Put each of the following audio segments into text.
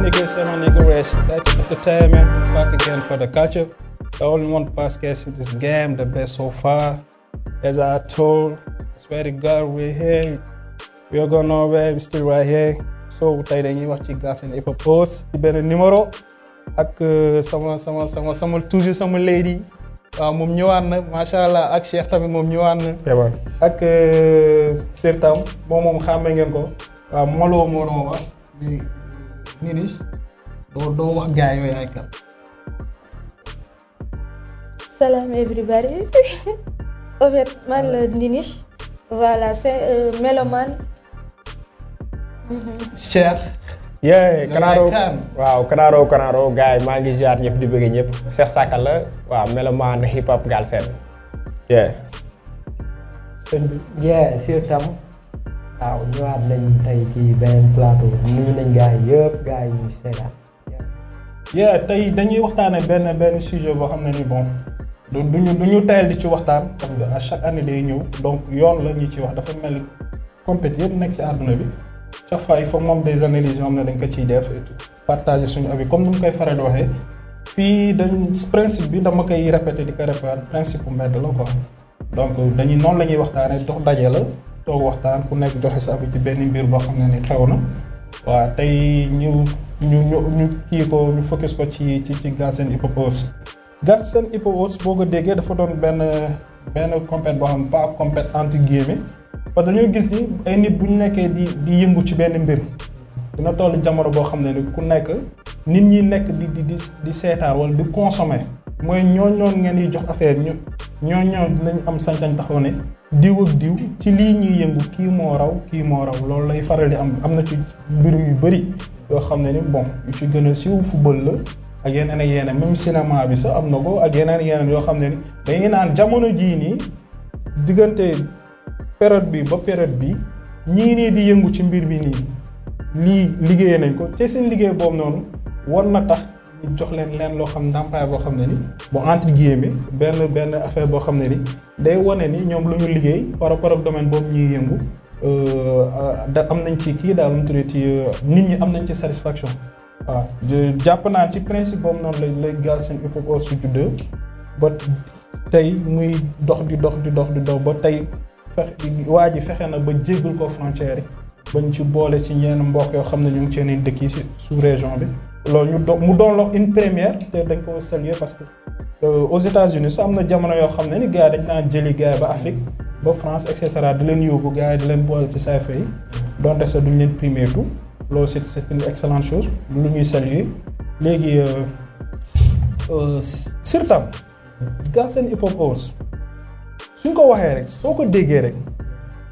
nigga say my nigga race. Back to entertainment, back again for the culture. The only wax ci Galsen benn numéro ak sama sama sama sama toujours sama lady waaw ah, moom ñëwaat na macha allah ak Cheikh tamit moom ñëwaat na. ak euh, Sertam moom moom xàmme ngeen ko. waaw ah, Molo Molo wa nit ñi doo doo wax gars ay kan. salaam everybody en fait la Ndini voilà c'est euh, mélomane. Cheikh. yee kanaaroo waaw kanaaroo kanaaroo gars maa ngi ziar ñëpp di bëgg ñëpp Cheikh Sakka la waaw mélomane hip hop Galsen. yee. yee surtout. waaw ñëwaat nañ tey ci beneen plateau nuyu nañ gars yi yëpp gars yi ñu seetaan. yaa tey dañuy waxtaanee benn benn sujet boo xam ne ni bon du duñu du ñu tayal di ci waxtaan. parce que à chaque année day ñëw donc yoon la ñu ci wax dafa mel ni compét yëpp nekk ci àdduna bi chaque fois il moom des analyses yoo xam dañ ko ciy def et tout partager suñu avis comme ni mu koy faral di waxee fii dañ principe bi dama koy répété di ko répété principe bu mbedd la donc dañuy noonu la ñuy waxtaanee dox daje la. toog waxtaan ku nekk joxe sa abu ci benn mbir boo xam ne ni xew na waa tey ñu ñu ñu kii ko ñu focus ko ci ci ci Galsen Hip Hop Awards. Galsen Hip boo ko déggee dafa doon benn benn compét boo xam ne pas compét entre guillemets dañoo gis ni ay nit bu ñu nekkee di di yëngu ci benn mbir dina toll jamono boo xam ne ni ku nekk nit ñi nekk di di di di seetaan wala di consommer mooy ñooñu noonu ngeen di jox affaire ñu ñooñu ñooñu dinañ am sañ-sañ taxaw ne. diw ak diw ci lii ñuy yëngu kii moo raw kii moo raw loolu lay faral di am am na ci mbir yu bari yoo xam ne ni bon yu ci gën a siw football la ak yeneen ak yeneen même cinéma bi sax am na ko ak yeneen yeneen yoo xam ne ni dañuy naan jamono jii nii diggante période bi ba période bi ñii nii di yëngu ci mbir bi nii lii liggéey nañ ko te seen liggéey boobu noonu war na tax. ñu jox leen leen loo xam ndàmpaay boo xam ne ni bu entre guillemets benn benn affaire boo xam ne ni day wane ni ñoom lu ñu liggéey par par ak domaine boobu ñuy yëngu euh, da am nañ ci kii daal mu tuddati euh, nit ñi am nañ ci satisfaction waaw jàpp naa ci principe boobu noonu lay lay Galsen Hip Hop Awards su juddoo ba tey muy dox di dox di dox di dox ba tey fex waa ji fexe na ba jéggul ko frontière yi bañ ci boole ci yenn mbokk yoo xam ne ñu ngi cee dëkk yi si sous région bi loolu ñu doon mu doon loo une première te dañ ko saluer parce que euh, aux États-Unis sax am na jamono yoo xam ne ni gaa yi dañ naan jëli gars yi ba Afrique ba France et cetera di leen yóbbu gaa yi di leen boole ci sayfa yi donte sax duñ leen primé tout loolu c'est c'est une excellente chose lu ñuy saluer léegi euh, euh, Sirtam Galsen Hip Hop suñ ko waxee rek soo ko déggee rek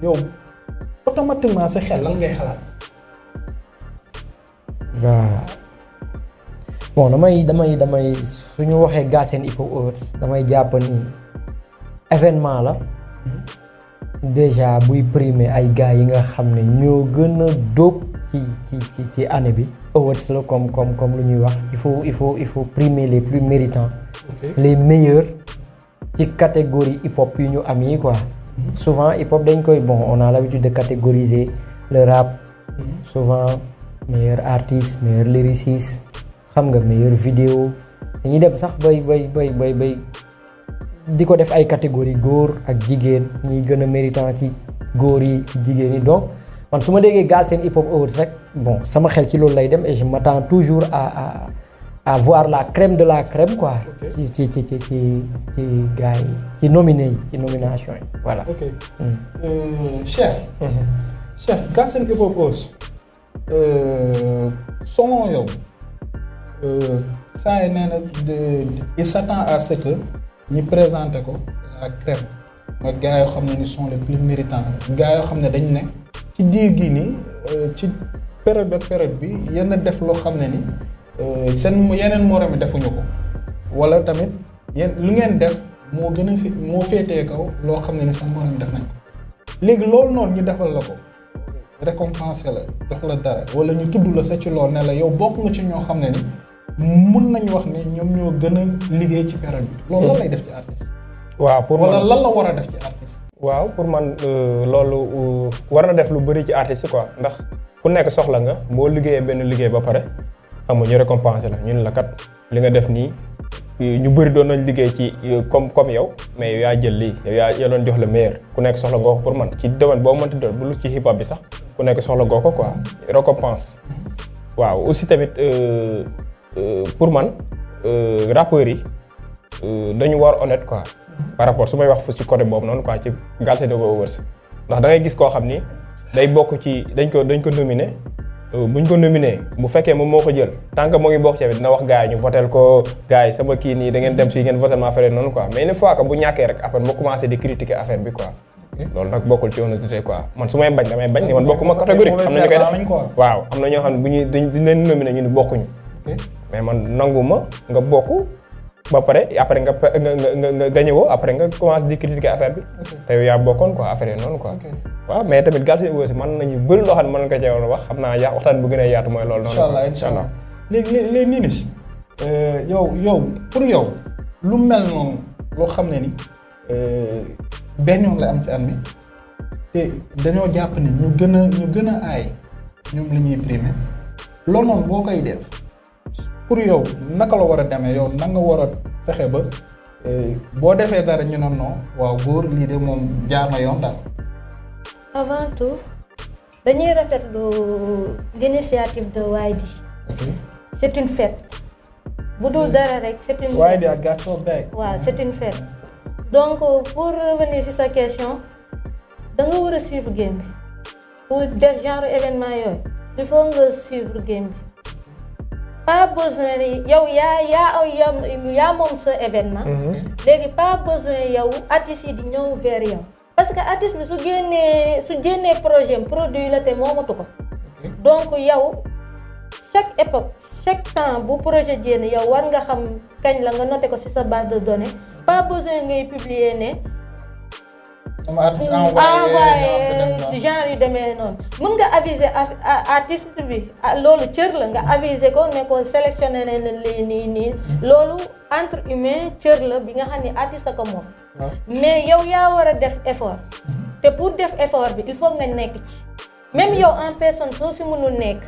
yow automatiquement sa xel lan ngay xalaat waaw bon damay damay damay suñu waxee gas Galsen Hip Hop Awards damay jàpp événement la déjà buy primé ay gars yi nga xam ne ñoo gën a dóob ci ci ci ci année bi awards la comme comme comme lu ñuy wax il faut il faut il faut primer les plus méritants les meilleurs ci catégorie hip hop yu ñu am yi ko mhm. souvent hip hop dañ koy bon on a l'habitude de catégoriser le rap mhm. souvent meilleur artiste meilleur lyriciste xam nga meilleure vidéo dañuy dem sax bay bay bay bay bay di ko def ay catégorie góor ak jigéen ñi gën a méritant ci góor yi jigéen yi donc man su ma déggee Galsen Hip Hop Awards rek bon sama xel ci loolu lay dem et toujours à à à la crème de la crème quoi. ci ci ci ci ci ci ci nominé yi ci nomination yi voilà. ok hmm. euh, mhm. euh, yow. saa yi nee na il s'attend à ce ñu présenté ko ak crème mooy gars yoo xam ne ni sont les plus méritants gars yoo xam ne dañ ne ci diir gi nii euh, ci période ba période bi yenn def loo xam ne ni euh, seen yeneen moroom yi defuñu ko wala tamit yéen lu ngeen def moo gën a fi moo féetee kaw loo xam ne ni seen moroom def nañ léegi loolu noonu ñu defal la ko récompenser la jox la dara wala ñu tudd la sa ci lool ne la yow bokk ci ñoo xam ne ni mun nañu wax ne ñoom ñoo gën a liggéey ci période bi. loolu lan hmm. lay def ci artiste. waaw pour la war a waaw pour man euh, loolu euh, war na def lu bëri ci artiste quoi ndax ku nekk soxla nga boo liggéeyee benn liggéey ba pare xam nga ñu la ñun la kat li nga def nii euh, ñu bëri doon nañ liggéey ci comme comme yow mais yaa jël lii yow yaa yaa doon jox la meilleur ku nekk soxla nga ko pour man ci domaine boo mënti doon bu lu ci hip hop bi sax ku nekk soxla nga ko quoi récompense hmm. waaw aussi Euh, pour man euh, rappeurs yi euh, dañu war honnête quoi par rapport su may wax fu ci côté boobu noonu quoi ci Galsen Deco Awards ndax da ngay koo xam ni day ci dañ ko dañ ko nominé buñ ko nominé bu fekkee moom moo ko jël ko gars yi sama kii nii da ngeen dem bi quoi. loolu nag bokkul ci honnêteté quoi man su am na ñoo xam ne bu ñuy dañ leen ñu ni bokkuñu. mais man nanguma nga bokk ba pare après nga nga nga nga gagné woo après nga commencé di critiquer affaire bi. te yow yaa bokkoon quoi affaire yi noonu quoi. waaw mais tamit gàll si aussi mën nañu bëri loo xam ne mën nga ko cee wax xam naa yaa waxtaan bu gën a yaatu mooy loolu. incha allah incha allah léegi léegi nii nii euh, yow yow pour yow lu mel noonu loo xam ne ni euh, benn yoon la am ci at mi te dañoo jàpp ne ñu gën a ñu gën a aay ñoom la ñuy primé loolu noonu boo koy def. pour yow naka la war a demee yow na nga war a fexe ba eh, boo defee dara ñu ne non waaw góor lii de moom jaar na avant tout dañuy rafetlu l'initiative de Waïdi. ok c'est une fête. bu dul mm. dara rek c'est une. donc pour revenir ci sa question da war a suivre game bi pour def genre événement yooyu il faut nga suivre game bi. pas besoin yow yaa yaa yaa yaa moom sa événement. Mhm. léegi pas besoin yow artistes yi di ñëw vers yow. parce que artiste bi su génnee su génnee projet produit la te moomatu ko. donc yow chaque époque chaque temps bu projet génn yow war nga xam kañ la nga noté ko ci sa base de données pas besoin ngay publier ne. comme artiste envoyé ah, genre yu demee noonu mën nga aviser artiste bi ah, loolu cër la nga aviser ko ne ko sélectionné na lii nii nii hmm. loolu entre humain cër la bi nga xam ni artiste ko moom mais yow yaa war a def effort hmm. te pour def effort bi il faut nga nekk ci même yow en personne soo si mënul nekk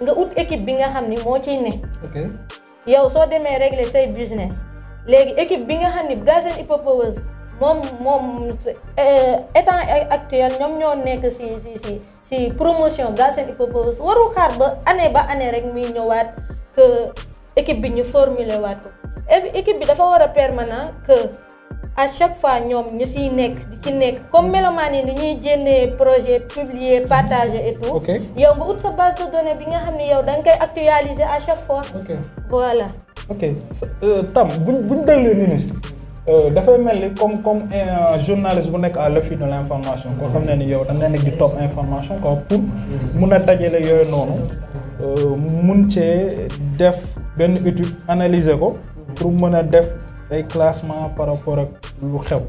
nga ut équipe bi nga xam ni moo ciy nekk yow soo demee régler say business léegi équipe bi nga xam ni Galsen Hip moom moom euh, état actuel ñoom ñoo nekk si si si si promotion Galsen Hip Hop warul xaar ba année ba année rek muy ñëwaat que équipe bi ñu formuler waat ko équipe bi dafa war a permanent que à chaque fois ñoom ñu siy nekk di ci nekk comme melomaan yi ni ñuy jénnee projet publier partager et tout yow nga ut sa base de bi nga xam ne yow da nga koy actualiser à chaque fois voilà ok euh, tam buñ buñ déglu ni Euh, dafay mel ni comme comme un euh, journaliste bu nekk à l'affût de l' information ko xam ne ni yow da nga nekk di topp information quoi pour mun a dajale yooyu noonu euh, mun cee def benn étude analyser ko pour mën a def ay classement par rapport ak lu xew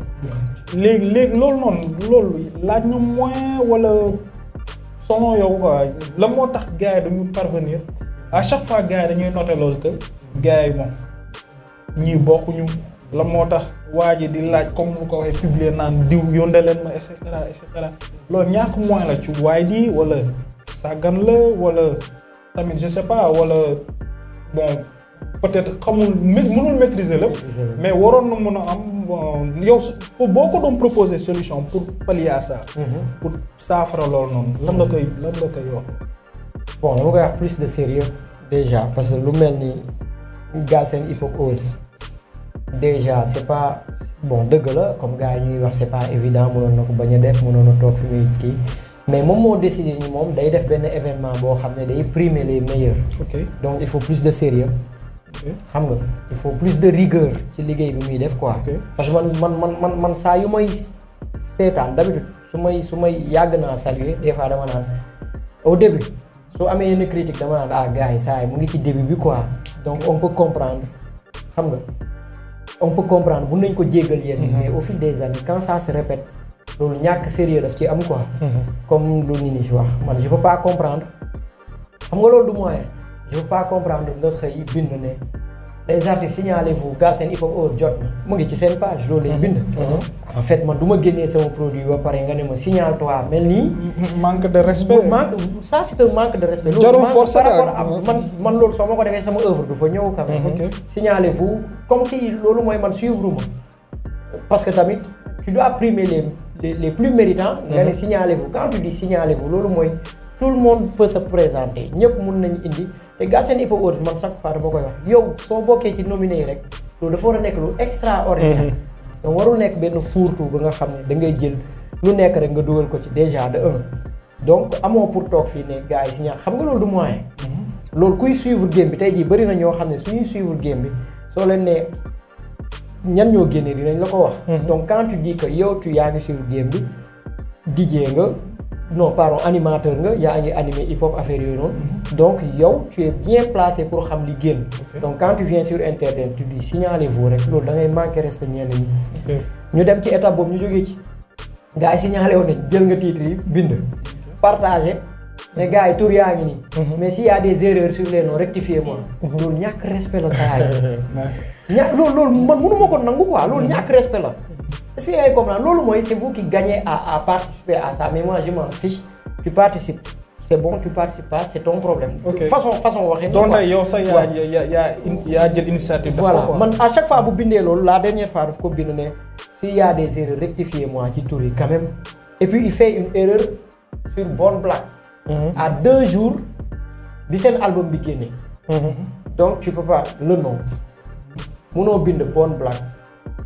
léegi loolu noonu loolu laaj na moyen wala selon yow ko quoi la moo tax gars yi dañu parvenir à chaque fois gars dañuy noter loolu que gars yi moom ñii bokkuñu la moo tax waa ji di laaj comme lu ko waxee publier naan diw yónnee leen ma et cetera et cetera loolu ñàkk moyen la ci waay ji walla sàggan la wala tamit je sais pas wala bon peut-être xamul mënul maitriser la mais waroon na mën a am yow boo ko doon proposer solution pour pallier à ça mhm. pour saafara loolu noonu lan nga koy lan nga koy wax plus de sérieux déjà parce que lu mel ni Galsen il faut que déjà c' est pas bon dëgg la comme gars yi ñuy wax c' est pas évident mënoon na ko ba ñu def mënoon na toog fi muy kii mais moom moo décidé ni moom day def benn événement boo xam ne day primer les meilleurs. ok donc il faut plus de sérieux xam nga il faut plus de rigueur ci liggéey bi muy def quoi. parce que man man man man saa yu may seetaan d'habitude su may su may yàgg naa saluer des fois dama naan au début soo amee yenn critique dama naan ah gars yi saa yi mu ngi quoi donc on on peut comprendre mun nañ ko jéggal yenn mhm. mais au fil des années quand ça se répète loolu ñàkk sérieux daf ci am quoi mhm. comme lu ni ni wax man je peux pas comprendre xam nga loolu du moyen je peux pas comprendre nga xëy bind ne les artistes signalez-vous Galsen Hip Hop jot mu ngi ci seen page loolu lañ bind. Mm-hmm. Uh-huh. en fait man du ma génnee sama produit ba pare nga ne ma signale toi mel nii. Mm-hmm. manque de respect manque ça c' est un manque de respect. jarul force mm-hmm. man man loolu soo ma ko defee sama œuvre du fa ñëw quand même. signalez-vous comme si loolu mooy man suivre ma parce que tamit tu dois primer les les les plus méritants. nga ne signalez-vous quand tu dis signalez loolu mooy tout le monde peut se présenter ñëpp mun nañu indi. te gaa seen hip hop artiste man chaque fois dama koy wax yow soo bokkee ci nominé yi rek loolu dafa war a nekk lu extraordinaire. Mhm. donc warul nekk benn fourre-tout ba nga xam ne da ngay jël lu nekk rek nga dugal ko ci déjà de un. donc amoo pour toog fii ne gars yi si ñaax xam nga loolu du moyen. Mhm. loolu kuy suivre game bi tey jii bëri na ñoo xam ne suñuy suivre game bi soo leen nee ñan ñoo génnee dinañ la ko wax. Mhm. donc quand tu dis yow tu yaa ngi suivre game bi dijee nga. non pardon animateur nga yaa ngi animé hip hop affaire yooyu noonu. Mhm. donc yow tu es bien placé pour xam li génn. donc quand tu viens sur internet tu dis signalez vous rek loolu da ngay manqué respect ñenn ñi. ñu dem ci état boobu ñu jógee ci. gars yi signalé woon nañ jël nga titre yi bind. partagé mais gars yi tur yaa ngi nii. Mhm. mais s'il y a des erreurs sur les noms rectifiez moi. Mhm. loolu ñàkk respect la saa yi. ña loolu loolu man mënu ko nangu quoi loolu ñàkk respect la. est-ce que yaay loolu mooy c'est vous qui gagnez à à participer à ça mais moi je m'en fiche tu participes c'est bon tu participes c'est ton problème. façon façon waxin. donc tey yow sax yaa yaa yaa yaa jël initiative. voilà man à chaque fois bu bindee loolu la dernière fois daf ko bind ne s'il y a des erreurs rectifiez mhm. bi seen album bi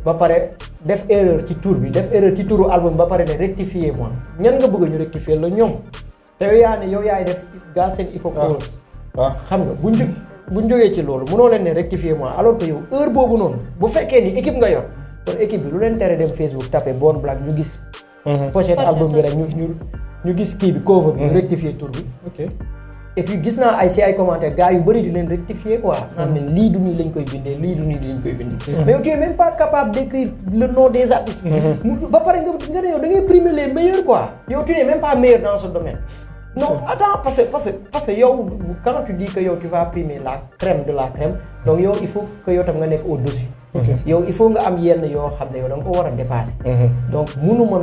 ba pare def erreur ci tour bi def erreur ci turu album ba pare ne rectifier moi ñan nga bëgg ñu rectifier la ñoom te yow yaa ne yow yaay def gaal seen hypocrisie ah. ah. xam nga bu ñu bu ñu jógee ci loolu mënoo leen ne rectifier moi alors que yow heure boobu noonu bu fekkee ni équipe nga yor kon équipe bi lu leen tere dem Facebook tapé Born Black ñu gis. Mhm. pochette album bi rek ñu ñu ñu gis kii bi cover bi. ñu mhm. rectifier tour bi. et puis gis naa ay si ay commentaires gars yu bëri di leen rectifier quoi. Mm-hmm. naan leen lii du nii lañ koy bindee lii du nii lañ koy bindee. Mm-hmm. mais tu es même pas capable d' écrire le nom des artistes. Mm-hmm. ba pare nga ne yow da ngay primer les meilleurs quoi. yow tu n'es pas meilleur dans ce domaine. non attends parce que parce que parce que yow quand tu dis que yow tu vas primer la crème de la crème donc yow il faut que yow tam nga nekk au-dessus. yow il faut nga am yenn yoo xam ne yow da nga ko war a dépasser. donc mënuma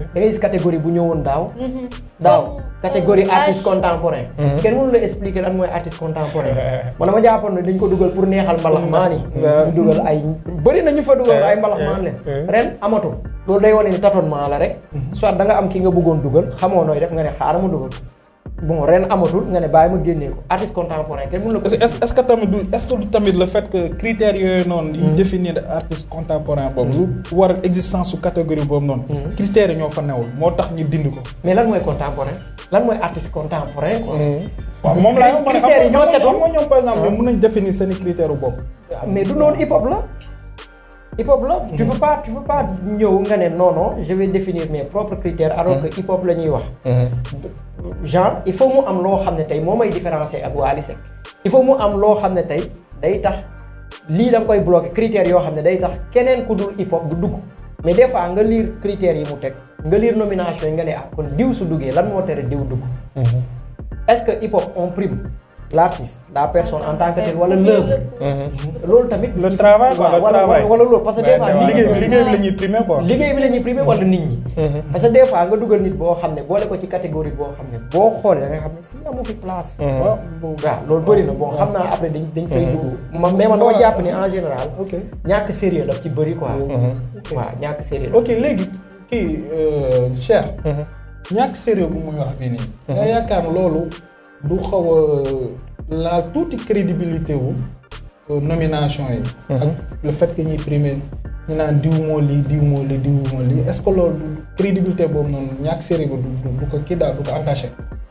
da ngay gis catégorie bu ñëwoon daaw. Mhm. daaw catégorie artiste contemporain. Mhm. kenn mënu la expliquer lan mooy artiste contemporain. man dama jàppoon ne dañ ko dugal pour neexal mbalax maan yi. Mhm. dugal ay bëri na ñu fa dugal ay mbalax maan leen. ren amatul loolu day wane ni tâtonnement la rek. soit da nga am ki nga bëggoon dugal xamoo nooy def nga ne xaaral ma dugal. bon ren amatul nga ne bàyyi ma génnee ko artiste contemporain kenn mën na ko. est que tamit du est ce que du tamit le fait que critères yooyu noonu. yi hmm. définir artiste contemporain boobu. lu hmm. war existence su boobu noonu. Hmm. critères yi ñoo fa newul moo tax ñu dind ko. mais lan mooy contemporain lan mooy artiste contemporain quoi. waaw moom la critères yi ñoo setoon. ñoom par exemple ah. mën nañ définir seen i critères bopp. Ah, mais du noonu hip hop la. hip hop la tu mhm. peux pas tu peux pas ñëw nga ne non non je vais définir mes propres critères alors mhm. que hip hop la ñuy wax mhm. genre il faut mu am loo xam ne tey moom ay différencier ak Wally Seck il faut mu am loo xam ne tey day tax lii da koy bloquer critère yoo xam ne day tax keneen ku dul hip hop du dugg mais des fois nga liir critères yi mu teg nga liir nomination yi nga ne ah kon diw su duggee lan moo tere diw dugg est-ce que hip hop on prime l'artiste la personne en tant que telle wala mhm. loolu tamit le travail quoi wala loolu parce que liggéey liggéey bi la ñuy primer quoi liggéey bi la ñuy primer wala nit ñi mhm. parce que des fois nga dugal nit boo xam ne boole ko ci catégorie boo xam ne boo xoolee da nga xam ne fii amu fi place mhm. loolu bari na bon xam naa après dañ dañ fay dugg mais man dama jàpp ni en général ñàkk sérieux daf ci bëri ko waaw ñàkk sérieux ok léegi kii euh, Cheikh ñàkk sérieux bu muy wax bii nii nga yaakaar du xaw a la tuuti crédibilité wu euh, nomination yi. Mhm. ak le fait que ñuy ñu naan diw moo lii diw moo lii diw lii est-ce que loolu crédibilité boobu noonu ñàkk série ba du ko kii du ko attaché.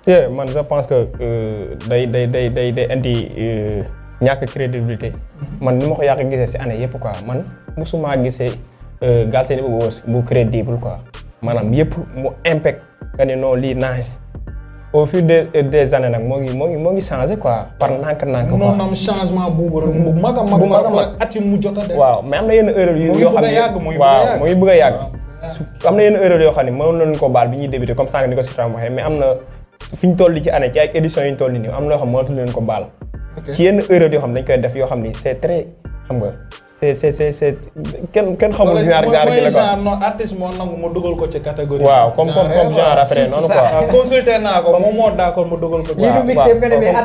oui man je pense que euh, day day day day day indi euh, ñàkk crédibilité mhm. man ni ma ko yàq gisee si année yëpp quoi man musuma gisee Galsen Tube bu crédible quoi maanaam yëpp mu impact nga ne non lii nice au fil des des années nag moo ngi moo ngi moo ngi changé quoi par nànk-nànk. quoi non changement bu bu mag a mag. bu mag a mag at yu mu a def. waaw mais am na yenn erreur yoo xam ne waaw mu ngi ko baal bi ñuy débuté comme sànq ni ko Sutra waxee mais am na fi ñu toll ci année ci ay éditions yu ñu toll nii am na yoo xam ne mënatuñu leen ko baal. ci yenn erreur yoo xam ne dañ koy def yoo xam ni c'est très xam nga. c'est c'est c'est c'est kenn kenn xamul. jaar jaar gi la quoi genre non artiste moo nangu mu dugal ko ci catégorie. waaw comme comme genre après noonu ko moom moo d'accord mu dugal ko. waaw waaw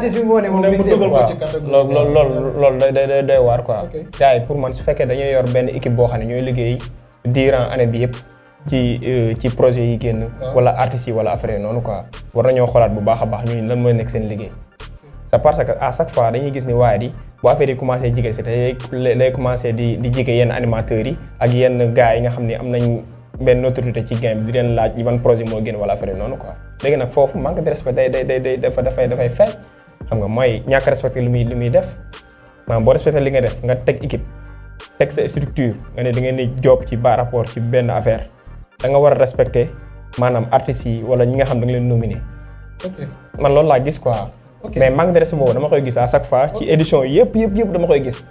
lii du moo ne moom mixé ko ci catégorie. loolu loolu day day day waar ko gars yi pour man su fekkee dañuy yor benn équipe boo xam ne ñooy liggéey durant ane bi yëpp. ci euh, ci projet yi génn. Ah. wala artistes yi wala affaire noonu quoi. war nañoo xoolaat bu baax a baax ñu lan mooy nekk seen liggéey. c'est parce que à chaque fois dañuy gis ni waaye di. bu affaire yi commencé jige si day day commencé di di jige yenn animateurs yi ak yenn gars yi nga xam ni am nañ benn autorité ci game bi di leen laaj man projet moo génn wala affaire yi noonu ko léegi nag foofu man de respect day day day dafa dafay dafay fay xam nga mooy ñàkk respecté lu muy lu muy def maanaam boo respecté li nga def nga teg équipe teg sa structure nga ne da ngeen di job ci par rapport ci benn affaire da nga war a respecté maanaam artistes yi wala ñi nga xam da nga leen nominé. man loolu laa gis quoi. mais manque de respect boobu dama koy gis à chaque fois ci édition yëpp yëpp dama koy gis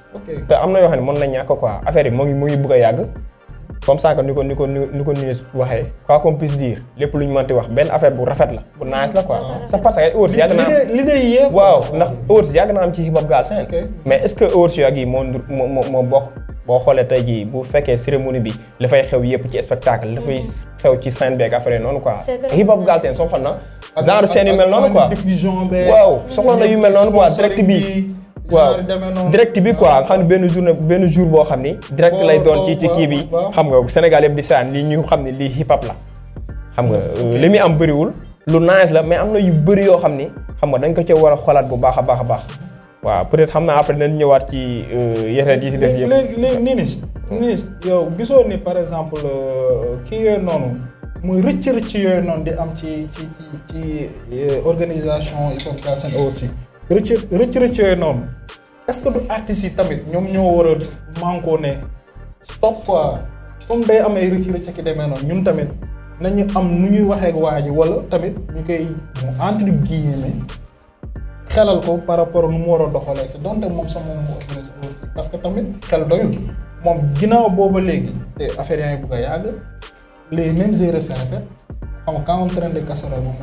te am na yoo xam ne mën na ñàkk quoi affaire yi mu ngi mu ngi bëgg a yàgg comme ça ni ko ni ko ni ko nuyu waxee quoi qu'on lépp lu ñu mënti wax benn affaire bu rafet la bu nice la quoi ah. sax parce que heursi yàgg naa am yàgg naa am ci hip hop Galsen mais est ce que heursi yàgg yi moo moo moo bokk boo xoolee tey jii bu fekkee cérémonie bi dafay xew yëpp ci spectacle dafay mm-hmm. xew ci scène beeg affaire noonu quoi soo na genre seen yu mel noonu quoi waaw soxla na yu mel noonu quoi direct bi waaw direct bi quoi nga xam ne benn jour benn jour boo xam ni direct lay doon ci ci kii bi xam nga Sénégal yëpp di saan lii ñu xam ne lii hip hop la xam nga li muy am bëriwul lu nice la mais am na yu bëri yoo xam ni xam nga dañ ko ci war a xoolaat bu baax a baax a baax waaw peut-être xam naa après nañ ñëwaat ci euh, yeneen yi si des yëpp léegi léegi nii nii yow gisoo ni par exemple euh, kii yooyu noonu mooy rëcc rëcc yooyu noonu di am ci ci ci ci euh, organisation yi comme aussi rëcc rëcc rëcc yooyu noonu est-ce que du artistes yi tamit ñoom ñoo war a ne stop quoi comme day am ay rëcc rëcc ki demee noonu ñun tamit nañu am nu ñuy waxee ak waa ji wala tamit ñu koy mu entre guillemets xelal ko par rapport nu mu war a doxalee si donte moom sax moom moo organisé aussi parce que tamit xel doyul moom ginnaaw booba léegi te affaire yaa ngi bugg a yàgg. les mêmes erreurs se répètent moom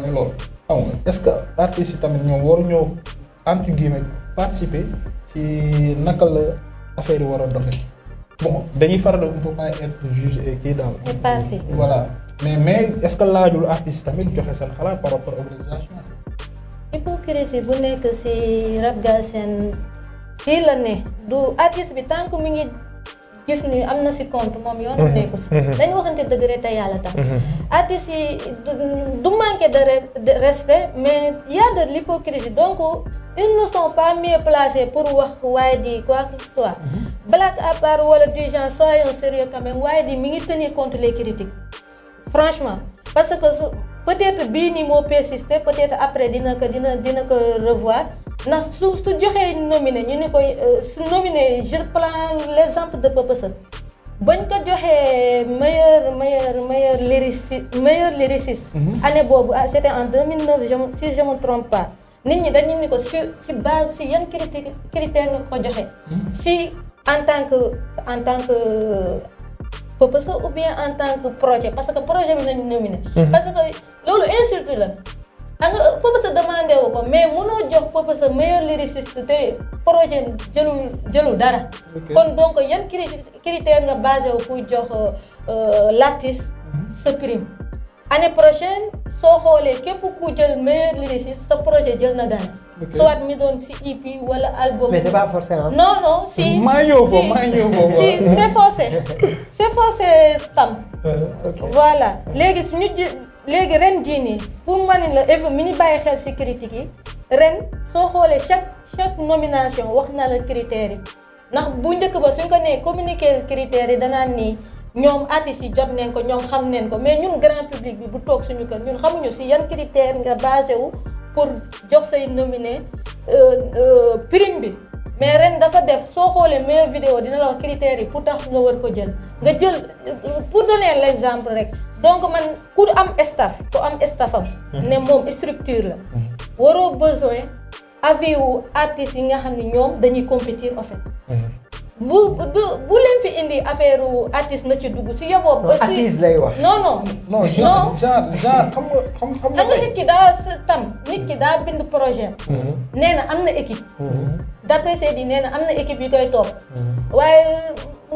mooy loolu est-ce que artistes yi tamit ñoom waruñoo entre guillemets participer ci naka la affaire yi war a doxee bon dañuy faral on peut pas être juge kii daal. voilà mais mais est-ce que laajul artiste tamit joxe seen xalaat par rapport à l'organisation. hypocrisie bu nekk ci rap Galsen fii la ne du artiste bi tant que ngi. gis ni am mm-hmm. mm-hmm. mm-hmm. eh, na si compte moom yoon nekku si dañ waxante dëgg rek te yàlla tax artistes yi du manqué de respect mais y li de l'hypocrisie donc ils ne sont pas mieux placés pour wax waaye di quoi que ce soit blague à part wala du genre soyons sérieux quand même waaye di mi ngi tenir compte les critiques franchement parce que peut-être bii ni moo persister peut-être après dina ko dina dina ko revoir ndax su su joxee nominé ñu ni koy euh, su nominé je prends l'exemple de Papa Sow bañ ko joxee meilleur meilleur meilleur lyriciste meilleur lyriciste. Mhm. année boobu ah c'était en 2009 je si je me trompe pas ñi dañu ni ko si si base si yan critère critère nga ko joxe. Mhm. si en tant que en tant que Papa Sow ou bien en tant que projet parce que projet bi nañu nominé. Mhm. parce que loolu insulte la. xam nga Papa Sow demandé wu ko mais mënoo jox Papa Sow meilleur lyriciste te projet jëlul jëlul dara. kon donc yan critère nga base wu pour jox euh, l'artiste mhm. sa prime. année prochaine soo xoolee képp ku jël meilleur lyriciste sa projet jël na dara. soit mi doon si EP wala album. mais c'est pas forcé non non si maa ñëw foofu maa ñëw foofu si c'est forcé c'est forcé tam. Euh, voilà léegi ñu léegi ren jii nii pour ma ne la Eveu mi ngi bàyyi xel ci critique yi ren soo xoolee chaque chaque nomination wax na la critères yi ndax bu njëkk ba suñ ko nee communiquer critères yi danaan nii ñoom artistes yi jot neen ko ñoom xam neen ko mais ñun grand public bi bu toog suñu kër ñun xamuñu si yan critères nga basé wu pour jox say nominé euh, euh, prime bi. mais ren dafa def soo xoolee meilleure vidéo dina la wax critères yi pour tax nga war ko jël nga jël euh, pour donner l'exemple rek. donc man ku am staff ku am staffam. Hmm. ne moom structure la. Hmm. waroo besoin avis wu artistes yi nga xam ne ñoom dañuy compétir en hmm. bu bu bu leen fi indi affaire artiste na ci dugg si yoboo. aussi assise lay wax. non non non genre genre xam nga xam xam nga nit ki daa tam nit ki daa bind projet am. Mhm. nee na am na équipe. Mhm. d'après Seydi nee na am na équipe yu koy topp. Mhm. waaye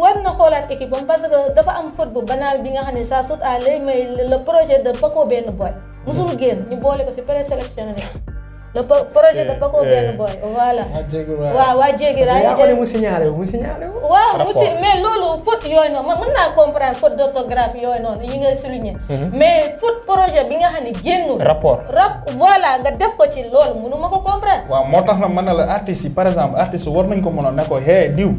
war na xoolaat équipe am parce que dafa am faute bu banal bi nga xam ne ça saute à l'œil mais le projet de Paco Benn Boy. musul génn ñu boole ko si présélectionné. le projet de Paco benn boy voilà. waaw waa Jéggi raay. yaa ko ne mu signalé wu mu signalé wu. waaw mu si mais loolu faute yooyu noonu man mën naa comprendre faute d'orthographe yooyu noonu yi nga souligné. mais faute projet bi nga xam ne génnul. rapport rap voilà nga def ko ci loolu mënu ma ko comprendre. waaw moo tax na mën na la artistes yi par exemple artistes war nañ ko mën a ne ko hee diw.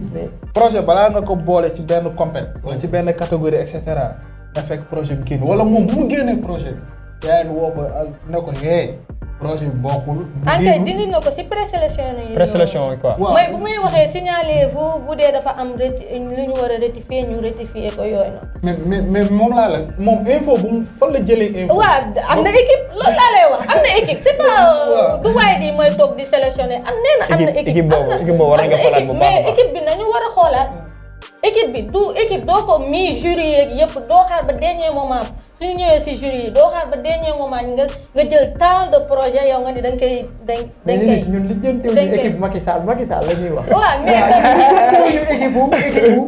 projet balaa nga ko boole ci benn compét. wala ci benn catégorie et cetera. nga fekk projet bi génn wala moom bu mu génnee projet bi. yaa ngi woo ko ne ko hee. projet bi bokkul. ankay dindi na ko si présélection yi. présélection yi quoi. mooy bu muy waxee signaler vous bu dee dafa am reti lu ñu war a rectifier ñu rectifier ko yooyu noonu. mais mais mais moom laa la moom info bu mu fan la jëlee info. waaw am na waaye di mooy toog di sélectionner am nee na am na équipe. boobu équipe boobu war nañ ko xoolaat bu baax mais équipe bi nañu war a xoolaat. équipe bi du équipe doo ko mi jury yëpp doo xaar ba dernier moment. suñu ñëwee doo xaar ba dernier moment nga nga jël tant de projet yow nga ni da koy dañ dañ koy ñun li jëntewuñu équipe Macky Sall Macky Sall la ñuy wax waaw mais tamit ñun équipe bu équipe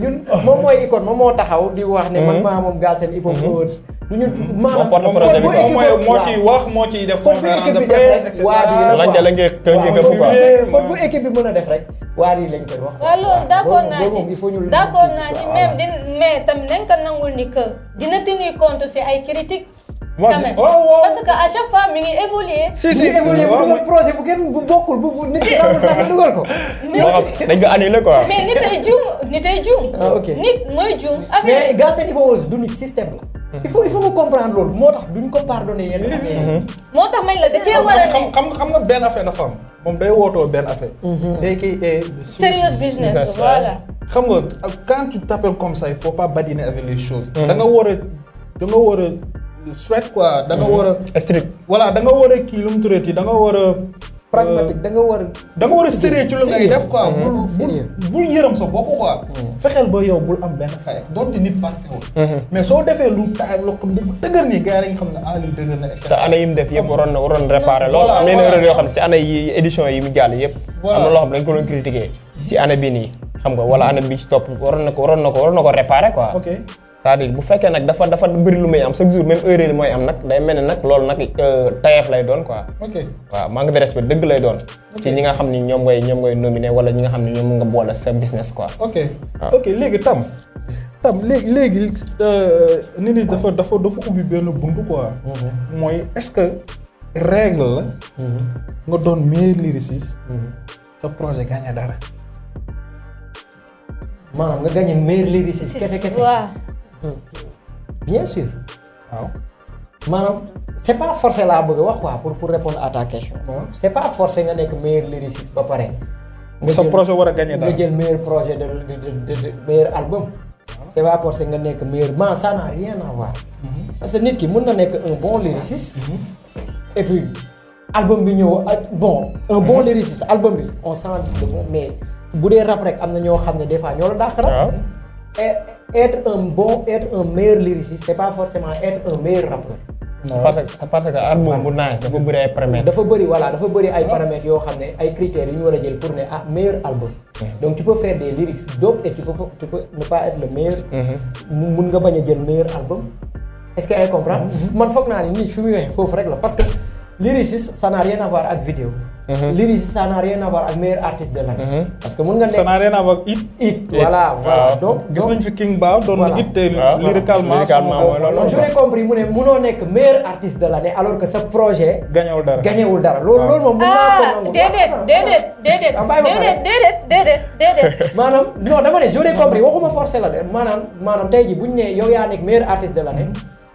ñun moom mooy icône moom moo taxaw di wax ne man mhm. maa moom Galsen Hip Hop mhm. du ñu mhm. maanaam foofu bu équipe bi moo ciy wax moo ciy def conférence de presse waadi la bu équipe bi mën a def rek waadi lañ koy wax waaw loolu d'accord naa ci d'accord naa ci même tamit nangul ni que dina tenir compte si ay critiques. parce que à chaque mi ngi évoluer. bu dugal projet bu kenn bu bokkul bu bu nit yi amul sax dugal ko. mais nit ay juum nit ay juum. Ah, ok nit mooy juum. affaire mais gars seen du nit système la. Hmm. il faut il comprendre loolu moo tax duñ ko pardonné yenn affaire hmm. moo tax a benn affaire moom day wootoo benn affaire. day mhm. kii serious business voilà. xam nga quand tu t'appelles comme ça il faut pas badiner avec les choses. Mm. da nga war a da nga war a straight quoi. da nga mm-hmm. war a strict. voilà da nga war a kii lu mu turee da nga war a. pragmatique da nga war a. Euh, da nga a sérieux ci lu ngay def quoi. Mm-hmm. bul bul mm. ba yow bul am benn xayma donte nit parfait wul. Mm-hmm. mais soo defee lu taa loo ne dëgër nii gars yi ne ah lii dëgër na et te année yi mu def yëpp waroon na loolu am na yeneen erreur yoo xam ne si année yi édition yi mu jàll yëpp. am na loo xam ne dañ ko doon critiqué si année bii nii. xam nga wala année bi ci topp waroon na ko waroon na ko waroon na ko réparer quoi. ok cest bu fekkee nag dafa dafa bëri lu muy am chaque jour même heure yi mooy am nag day mel ne nag loolu nag euh, tayeef lay doon quoi. ok waaw manque de respect dëgg lay doon. ci ñi nga xam ni ñoom ngay ñoom ngay nominé wala ñi nga xam ni ñoom nga boole sa business quoi. ok ok léegi tam. tam léegi léegi euh, nit ñi dafa dafa dafa ubbi benn buntu quoi. Mhm. mooy est-ce que règle la. Mhm. nga doon meilleur lyriciste. Mhm. sa projet gagné dara. maanaam nga gagné meilleur lyriciste kese kese hmm. bien sûr waaw maanaam c' est pas forcé laa bëgg wax quoi pour pour répondre à ta question c' est pas forcé nga nekk meilleur lyriciste ba pare nga jël projet war a gagné daal nga jël meilleur projet de de de de meilleur album c' pas forcé nga nekk meilleur man ça n'a rien à mm-hmm. parce que nit ki mën na nekk un bon lyriciste mm-hmm. et puis album bi ñëw euh, bon un bon mm-hmm. lyriciste album bi on sent de bon mais bu dee rap rek am na ñoo xam ne des fois ñoo la dàq rap être un bon être un meilleur lyriciste c'est pas forcément être un meilleur rappeur parce que parce que album bu nice dafa bëri ay paramètres dafa bëri voilà dafa bëri ay paramètres yoo xam ne ay critères yu ñu war a jël pour ne ah meilleur album donc tu peux faire des lyrics dope et tu peux ne pas être le meilleur mm-hmm. mun nga bañ a jël meilleur album est-ce que ay comprendre mm-hmm. man foog naa ni nit fi muy waxee foofu rek la parce que lyriciste ça n'a rien ak vidéo Uh-huh. lyrics ça n'a rien à voir ak meilleur artiste de uh-huh. parce que mun nga nekk ça n'a rien à voir ak it. it voilà voilà donc gis nañ fi King Ba doon na it te lyricalement je l'ai compris mu ne munoo nekk meilleur artiste de l'année alors que sa projet. gañewul dara gañewul dara loolu loolu moom. mun naa dama ne je l'ai compris waxuma forcé la de maanaam tey jii bu ñu nee yow yaa nekk meilleur artiste de l'année.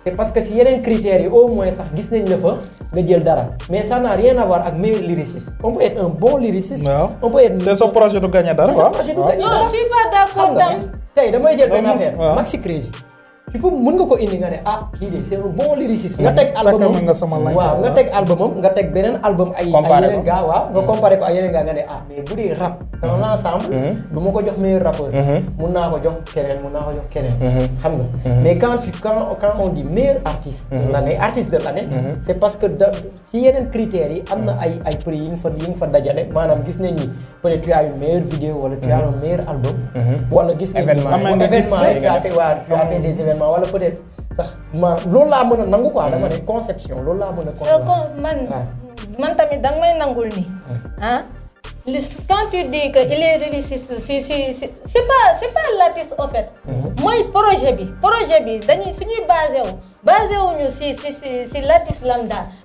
c' parce que si yeneen critère yi au moins sax gis nañ la fa nga jël dara mais ça n'a rien à voir ak meilleur lyriciste on peut être bon lyriciste. waaw on peut être. sa projet du gagné dara waaw te sa projet du gagné dara. non je tey damay jël benn affaire Maxi Crazy. tu peux mën nga ko indi nga ne ah kii de c'est un bon nga teg album nga teg beneen album. ay yeneen gars waaw nga mm-hmm. comparé ko ay yeneen gars nga ne ah mais bu dee rap. dans mm-hmm. l'ensemble. Mm-hmm. du ma ko jox meilleur rappeur. mun naa ko jox keneen mun naa ko jox keneen. xam nga mais quand tu on dit meilleur artiste. de l'année artiste de l'année. c'est parce que da ci yeneen critères yi am na ay ay yi nga fa dajale maanaam gis nañ ni peut-être tu as wala tu yi tu as événement wala peut-être sax man loolu laa mën a nangu quoi. dama ne conception loolu laa mën a. conception man man tamit danga may nangul ni ah. quand tu dis que il est réaliste si si si c'est pas pas l'artiste au mm-hmm. mooy projet bi projet bi dañuy suñuy basé wu basé wuñu si si si si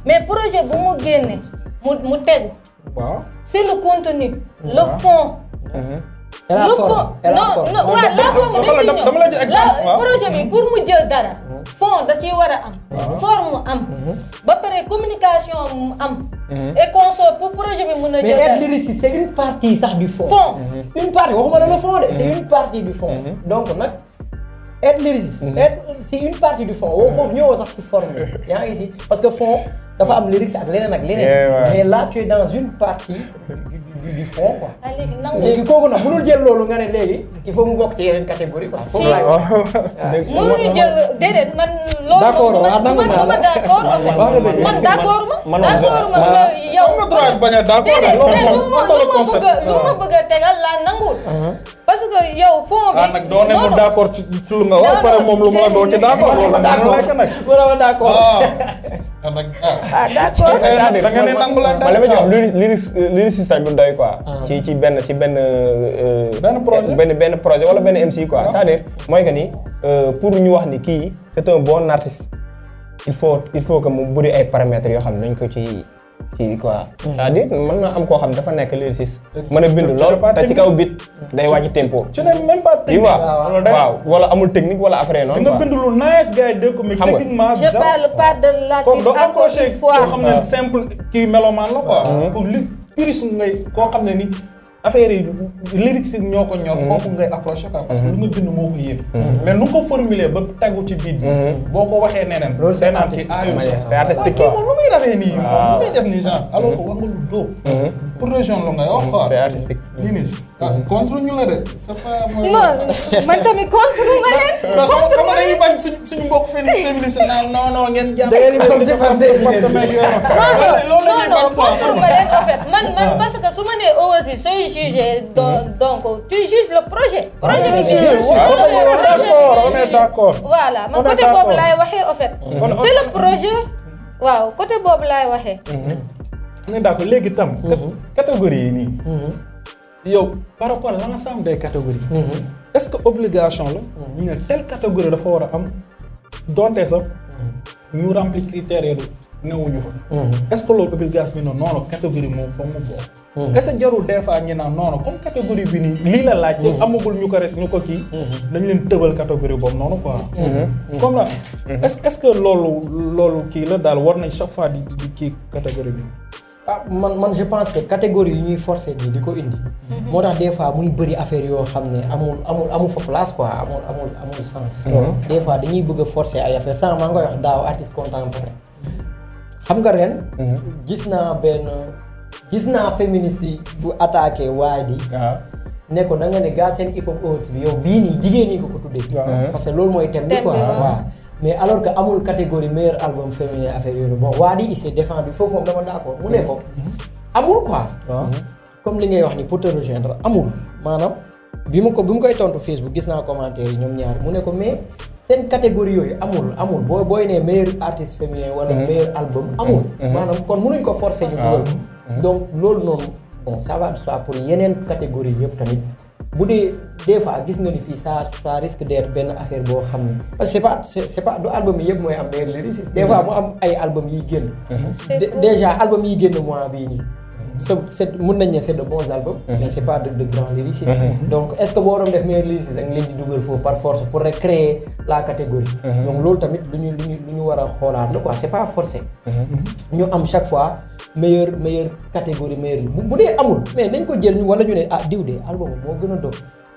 mais projet bu mu génne mu mu tegu. le contenu. le fond. Mm-hmm. la forme la forme non non dama la jël exemple projet bi pour mu jël dara. Mhm. fond da ciy war a am. Mhm. forme am. Mhm. ba pare communication mu am. et consort pour projet bi mun a. jël dara mais aide lyrique c'est une partie sax du fond. fond une partie waxuma dama fond de c'est une partie du fond. donc nag aide lyrique. aide c'est une partie du fond woo foofu ñëwoo sax si forme yaa ngi parce que fond. dafa am lyrics ak leneen ak leneen. mais là tu es dans une partie du du du fond quoi. Ah, léegi kooku nag mënul jël loolu nga ne léegi il faut mu bokk ci yeneen catégorie quoi. foofu laay wax jël déedéet man. d' accord waaw nangu naa la man man d' accord man d' accord ma nga ah. man a d' lu ma bëgg a tegal laa nanguwul. Uh-huh. parce que yow fond bi. Ah, nag doo ne d' ci lu nga wax. pare moom lu ma la doo ci d' loolu. d' accord d' accord Ah. ah d'accord c'est-à-dire da nga ne nangu la dara ma jox lyrics lyriciste rek du doy quoi. ci ah. ci benn ci benn. Eh, benn projet benn benn projet wala benn MC quoi. Ah. c'est-à-dire mooy que ni euh, pour ñu wax ni kii c'est un bon artiste. il faut il faut que mu bëri ay paramètres yoo xam ne nañ ko ci. kii quoi mhm. c'est-à-dire mën naa am koo xam dafa nekk lyriciste mën a bind lool te ci kaw bit day wàcc tempo tu ah, waaw wala amul technique wala affaire noonu nga bind lu nice gars yi dégg ko mais techniquement fois koo xam ne ah. simple kii mélomane la quoi pour mhm. li puriste ngay koo xam ne ni affaire yi lyrics yi ñoo ko ñor. Mm-hmm. kooku ngay approché quoi. parce que lu mm-hmm. nga bind moo ko yéen. Mm-hmm. mais nu ko formulé ba tegu ci biit bi. boo ko waxee neneen. loolu c'est artistique ah, c'est artistique quoi waaw kii nii. waaw ah. def nii genre alors ah, man tamit contre ma leen. contre ma leen non nga dañuy bañ suñ suñu mbokk fenn féministe naan non non ngeen jàpp. da ngeen di jëfandikoo jëfandikoo non non contre ma leen en fait man man parce que su juger eh, donc, donc tu juges le projet. Ah, projet on est d'accord voilà man côté boobu laay waxee au fait. Mm-hmm. c'est le projet waaw côté boobu laay waxee. Mm-hmm. on est d'accord léegi tam. Mm-hmm. catégorie yi nii. yow par rapport à l'ensemble des catégories. est-ce que obligation la. ñu ne telle catégorie dafa war a am donte sax ñu remplir critères newuñu fa. est loolu obligation bi noonu noonu catégorie moom fa mu bokk. Mm-hmm. est-ce que jarul des fois ñu naan noonu comme catégorie bi nii lii la laaj. te mm-hmm. amagul ñu ko rek ñu ko kii. Mm-hmm. dañu leen tëbal catégorie boobu noonu quoi. comme la est-ce que loolu loolu kii la daal war nañ chaque fois di di kii catégorie bi. Ah, man man je pense que catégorie yi ñuy forcer nii di ko indi. moo tax des fois muy bëri affaire yoo xam ne amul amul amul fa place quoi amul amul amul sens. des fois dañuy bëgg a ay affaire sànq maa ngi koy wax daaw artiste contemporain xam nga ren. gis naa benn. gis naa féministe yi bu attaqué waaye di ne nekko da nga ne gaa seen hip hop awards bi yow bii nii jigéen ñi ko ko tuddee parce que loolu mooy thème bi quoi waaw mais alors que amul catégorie meilleur album féminin affaire yooyu bon waa di il s'est défendu foofu moom dama d'accord mu ne ko amul quoi comme li ngay wax ni pour te rejoindre amul maanaam bi mu ko bi mu koy tontu Facebook gis naa commentaire yi ñoom ñaari mu ne ko mais seen catégorie yooyu amul amul boo booy ne meilleur artiste féminin wala mm-hmm. meilleur album amul mm-hmm. maanaam kon mënuñ ko forcer ñu donc loolu noonu bon ça va de pour yeneen catégorie yëpp tamit bu dee des fois gis nga ni fii ça ça risque d'être benn affaire boo xam ne parce que c'est pas c'est du album yi yëpp mooy am meilleur lyriciste des fois mu am ay album yiy génn déjà album yiy génn mois bii nii c'est mun nañ ne c'est de bons albums. Mhm. mais c'est pas de de grands lyricistes. Mhm. donc est-ce que boo waroon def meilleur lyriciste da nga leen di dugal foofu par force pour rek la catégorie. Mhm. donc loolu tamit lu ñu lu ñu lu ñu war a xoolaat la quoi c'est pas forcé. ñu am chaque fois meilleur meilleure catégorie meilleur bu bu dee amul mais nañ ko jël ñu wala ñu ne ah diw de album moo gën a doon.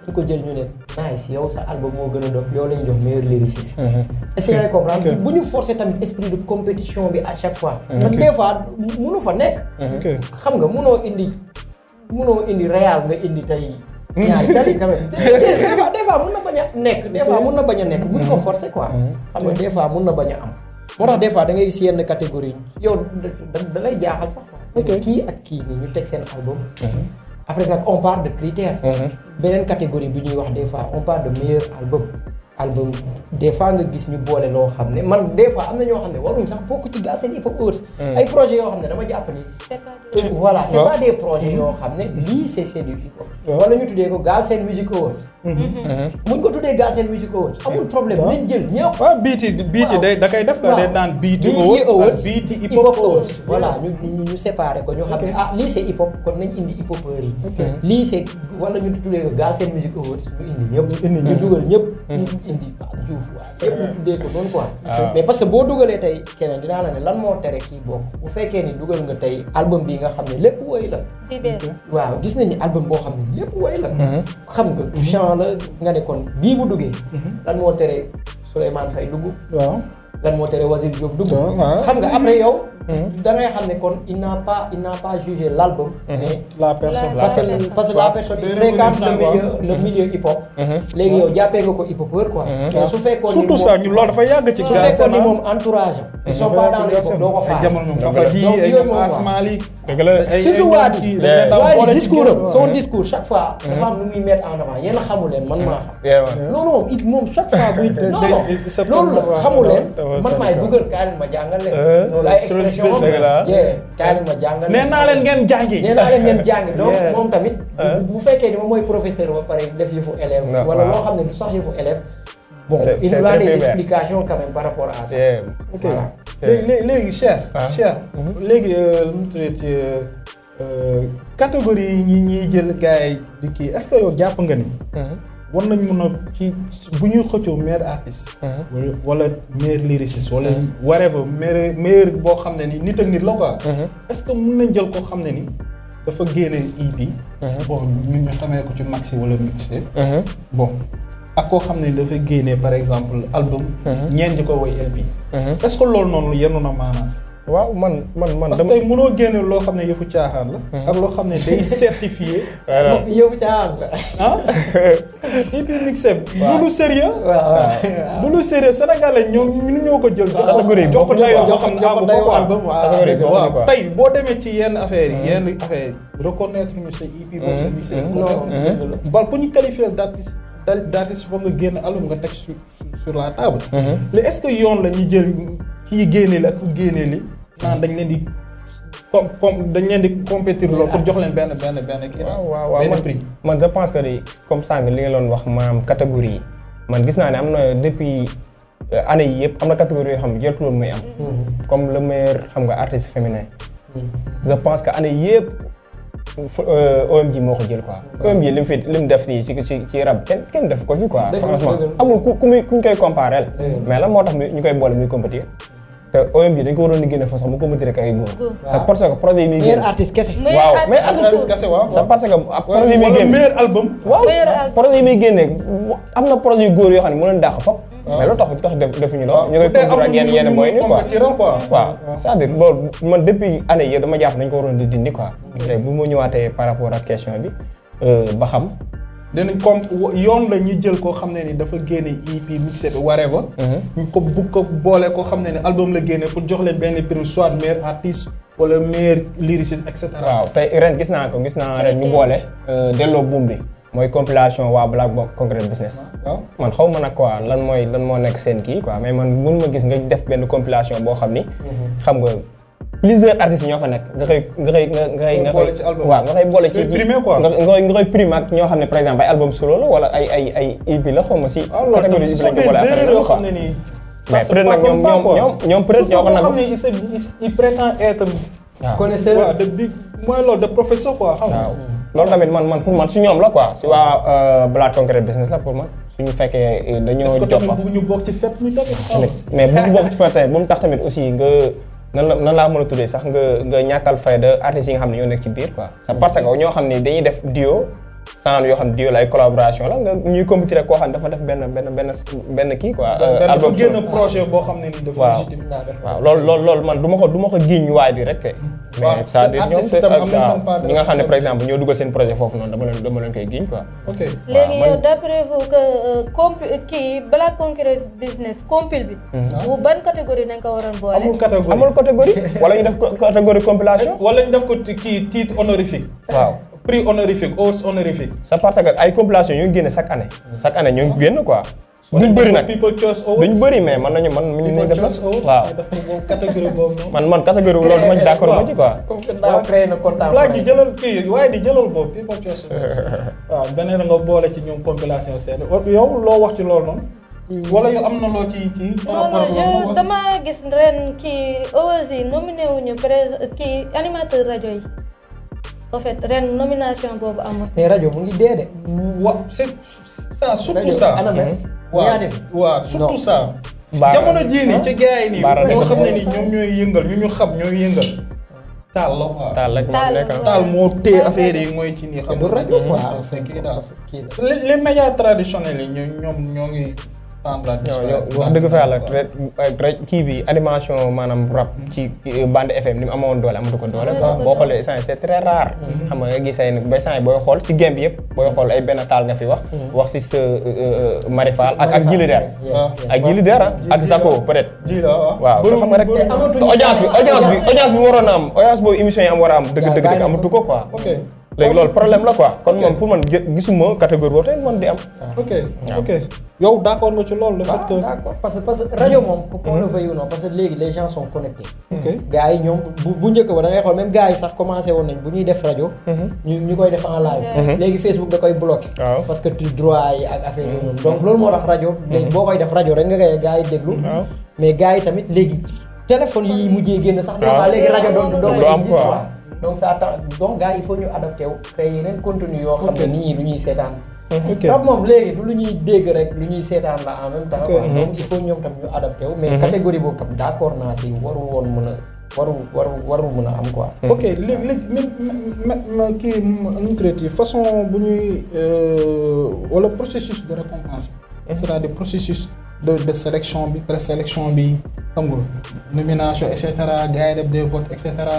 dañ ko jël ñu ne si yow sa album moo gën a dox yow lañ jox meilleur lyriciste. Mhm. est ce que yaa bu ñu forcer tamit esprit de compétition bi à chaque fois. Mhm. parce que des fois mënu fa nekk. Mhm. xam nga mënoo indi mënoo indi reyal nga indi tey. ñaari tali quand même des fois des mun na bañ a nekk. des mun na bañ a nekk bu ñu ko forcer quoi. xam nga des fois mun na bañ a am. moo tax des fois da ngay si yenn catégorie yow da lay jaaxal sax. kii ak kii nii ñu teg seen album. après nag on parle de critères. Mhm. beneen catégorie bi ñuy wax des fois on parle de meilleur album. album des fois nga gis ñu boole loo xam ne man des fois am na ñoo xam ne waruñ sax bokk ci gaa seen hip hop heures mm. ay projets yoo xam ne dama jàpp ni voilà c'est pas yoo xam ne mm-hmm. lii c'est hip hop awards voilà ñu ñu ko ñu xam ne ah, lii c'est hip hop kon nañ indi hip hop heures yi lii c'est wala ñu tuddee ko gaa seen music awards ñu indi ñëpp ñu dugal ñëpp mm-hmm. indi Pape Diouf waaye tuddee ko noonu quoi mais parce que boo dugalee tey keneen dinaa la ne lan moo tere kii bokk bu fekkee ni dugal nga tey album bi nga xam ne lépp woy la waaw gis nañu album boo xam ne lépp woy la mm-hmm. xam nga du la nga ne kon bii bu duggee mm-hmm. lan moo tere Souleymane Faye dugg Ah, hmm. da ngay xam ne kon il hmm. la personne parce que parce que la personne il fréquente le hmm. loolu moom chaque fois dafa am lu muy mettre en man maa xam loolu moom chaque fois buy loolu la xamu man maay dugal kaay leen ma jàngal leen. Eh, loolu expression kaay ma jàngal leen. nee naa leen ngeen jàngi. nee naa leen ngeen jàngi donc moom tamit. bu eh. fekkee ni mooy professeur ba pare def yëfu élève. Ah, wala loo xam ne du sax yëfu élève. bon il y a des explications quand par rapport a ça. ok léegi léegi cher. Ah. cher mm-hmm. léegi euh, lu mu tuddati euh, euh, catégorie yi ñuy jël gars yi di kii est-ce yow jàpp nga ni. Mm-hmm. war nañ mën a ki bu ñuy xëccoo meilleur artiste. Mm-hmm. wala meilleur lyriciste wala mm-hmm. whatever meilleur meilleur boo xam ne ni nit ak nit la quoi. Mm-hmm. est-ce que mën nañ jël koo xam ne ni dafa génne EP. bon ñun ñu xamee ko ci maxi wala mixtape. bon ak koo xam ne ni dafa génne par exemple album. ñeent ñi ko woy LP. E est-ce que loolu noonu yenn na maanaam. waaw man man man. parce que tey mënoo génne loo xam ne yëfu caaxaan la. Hmm. ak loo xam ne day certifié. waaw yëfu caaxaan la. ah et puis mixem. waaw du lu sérieux. waaw du lu sérieux sénégalais ñoo ñoo ko jël. catégorie jox ko dayoo boo xam ne àggu ko quoi waaw tey boo demee ci yenn affaire yi hmm. yenn affaire yi. reconnaître ñu sa EP boobu sa hmm. mixem. bal bu ñu qualifié d'artiste d'artiste foog nga génn album nga teg sur sur la table. mais est-ce que yoon la ñuy jël kii génne la ak ku génne li naan dañ leen di com com dañ leen di compétir loolu pour jox leen benn benn benn kii. Ah, waaw waaw waaw man man je pense que ni comme sànq li nga wax maam catégorie yi man gis naa ne am na depuis. Euh, année yi yëpp am na catégorie yoo xam ne jotul woon muy am. Mm-hmm. comme le meilleur xam nga artiste féminin. Mm-hmm. je pense que année yëpp euh, OMG moo ko jël quoi. Mm-hmm. OMG li mu fi li mu def si ci ci rab kenn kenn def ko fi quoi. franchement amul ku ku ñu koy comparé mais lan moo tax ñu koy boole muy compétir. te OM bi dañ ko waroon a génne façon mu ko mënti rek ay góor. waaw parce que projet yi muy génne. meilleur artiste kese. waaw meilleur parce que projet yi muy génne am na projet yu góor yoo xam ne mu leen dàq fop. mais lu tax tax defuñu ñu koy contour ak yenn yenn mooy ni quoi man depuis année yi dama jàpp nañ ko waroon di dindi quoi. léegi mm. bu ma ñëwaatee par rapport ak question bi euh, ba xam. danañ comp yoon la ñuy jël koo xam ne ni dafa génne EP mixé bi whatever. Mm-hmm. ñu ko bugg ko boole koo xam ne ni album la génne pour jox leen benn prix soit maire artiste wala meilleur lyriciste et cetera. waaw tey ren gis naa ko gis naa ren ñu boole. Euh, delloo buum bi. mooy compilation waa Black boo Concrete Business. Ah, waaw man xaw ma nag quoi lan mooy lan moo nekk seen kii quoi mais man mun ma gis nga def benn compilation boo xam ni. Mm-hmm. xam nga. plusieurs artistes ñoo fa nekk nga koy nga koy nga koy nga koy waaw nga koy boole ci nga koy nga koy prime ak ñoo xam ne par ay album solo la wala ay ay ay e la xaw si ah, catégorie bi lañ ko ci fête mi tax tamit aussi nga nan la nan laa mën a tuddee sax nga nga ñàkkal fayda artistes yi nga xam ne ñoo nekk ci biir sa parce que ñoo xam ne dañuy def duo sans yoo xam diyo la ay collaboration la nga ñuy compétir ak koo xam ne dafa def benn kii quoi. Euh, album boo xam ne ni dafa légitime laa def. waaw loolu loolu man du ma ko du ma ko giñ waay di rek. Hmm. waaw mais c'est-à-dire ñoom ñi nga xam ne par exemple ñoo dugal seen projet foofu noonu dama leen koy giñ quoi. léegi yow d'après vous euh, kii Black Concrete Business compil bi. Hmm. Ah. bu ban catégorie nañ waroon boole. amul catégorie amul ñu def catégorie compilation. spécifique. c'est parce que ay compilation ñu génne chaque année. chaque génn quoi. man man catégorie loolu ma ci d'accord ma ci quoi di jëlal kii waaye di jëlal boobu beneen nga boole ci ñoom compilation seen yow loo wax ci loolu noonu wala yow am na loo ci kii non gis ren kii Ozi nominé wuñu prés kii animateur rajo yi en fait ren nomination boobu am mais rajo mu ngi dee de. wa c'est ça surtout ça. waaw waaw surtout ça. jamono jii nii ci gars yi nii. ñoo xam ne nii ñoom ñooy yëngal ñu ñu xam ñooy yëngal. taal la quoi taal la taal moo téye affaire yi mooy ci nii xam. rajo quoi les médias traditionnels yi ñoom ñoo ngi. wax dëgg fa yàlla kii bi animation maanaam rap ci euh, bande FM ni mu amoon doole amatu ko doole quoi boo xoolee sànq c'est très rare mhm. xam nga nga gis ay nag booy xool ci game bi yëpp booy xool ay benn taal nga fi wax mhm. wax si sa euh, euh, Marifal ak ah. ak Jili Der ak ah, Jili Der ak Zako peut-être ah. waaw xam nga rek audience bi audience bi waroon na am audience boobu émission war a am dëgg dëgg dëgg amatu ko quoi léegi loolu problème la quoi kon man pour man gisuma catégorie boobu tey man di am. ok ok yow d' accord nga ci loolu. le fait que d' accord parce que parce que rajo moom. qu'on hmm. le veuille parce que léegi les gens sont connectés. yi ñoom bu bu njëkk ba da xool même gars yi sax commencé woon nañ bu ñuy def rajo. Hmm. ñu ñu koy def en live. Hmm. léegi Facebook da koy bloqué. parce que tu droit ak affaire yooyu donc loolu moo tax rajo. boo koy def rajo rek nga koy gars yi déglu. mais gars yi tamit donc ça temps donc gars il faut ñu adapté wu créer yeneen contenu yoo xam ne nit ñi lu ñuy seetaan rab moom léegi du lu ñuy dégg rek lu ñuy seetaan la en même temps quoi donc il faut ñoom tam ñu adapté wu mais mhm. catégorie boobu tam d' accord naa si warul woon mën a warul warul warul a am quoi ok léegi léegi même kii numu traité façon bu ñuy euh, walla processus de récompense mhm. c'est-à-dire processus de de sélection bi présélection bi xam nga nomination et cetera gars yi def des votes et cetera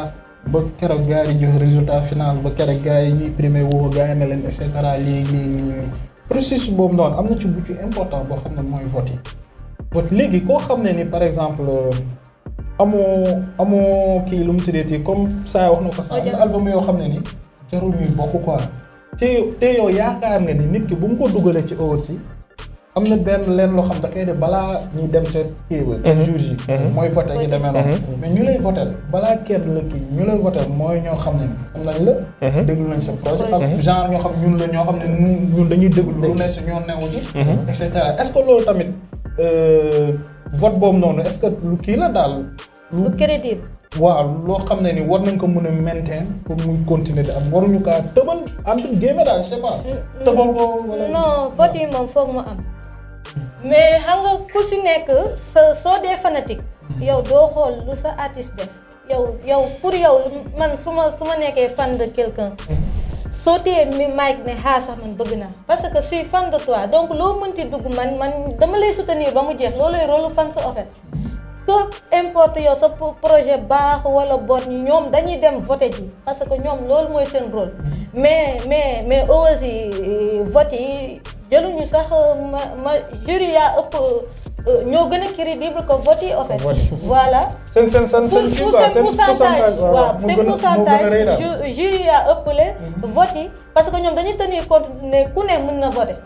ba keroog gars yi jox résultat final ba keroog gars yi ñuy primé woo gars yi ne leen et cetera lii lii lii boobu noonu am na ci bu ci important boo xam ne mooy vote yi vote léegi koo xam ne ni par exemple euh, amoo amoo kii lu mu tuddati comme saa wax na ko sànq album yoo xam ne ni jarul ñuy bokk quoi te te yow yaakaar nga ni nit ki bu mu ko dugalee ci awoor si am na benn leen loo xam da koy def balaa ñuy dem ca kii ba. ca mhm. jours yi. Mhm. mooy vote yi demee noonu. Mhm. mais ñu lay voté balaa kenn la kii ñu lay voté mooy ñoo xam ne am nañ la. déglu nañ sa projet. ak genre ñoo xam ñun la ñoo xam ne ñun dañuy déglu. lu ne si ñoo newu ci. et cetera est ce que loolu tamit euh, vote boobu noonu est lu kii la daal. lu crédible. waaw loo xam ne ni war nañ ko mën a maintain pour muy continuer di am waruñu kaa tëbal entre guillemets daal je sais pas. Mm, mm. tëbal ko wala. non vote yi moom foog mu am. mais xam nga ko si nekk sa soo dee fanatique hmm. yow doo xool lu sa artiste def yow yow pour yow man su ma su ma nekkee fan de quelqu'un hmm. soo téye mi Mike ne xaa sax man bëgg naa parce que je fan de toi donc loo mënti dugg man man dama lay soutenir ba mu jeex loolooy rôle fan su offert que importe yow sa projet baax wala bon ñoom dañuy dem voter ji parce que ñoom loolu mooy seen rôle mais mais mais aussi euh, vote yi jëluñu sax euh, ma ma jury yaa ëpp euh, ñoo gën a crédible que vote yi en fait. voilà seen seen seen seen pourcentage waaw seen pourcentage jury yaa ëppale vote parce que ñoom dañuy tenir compte ne ku ne mën na voter.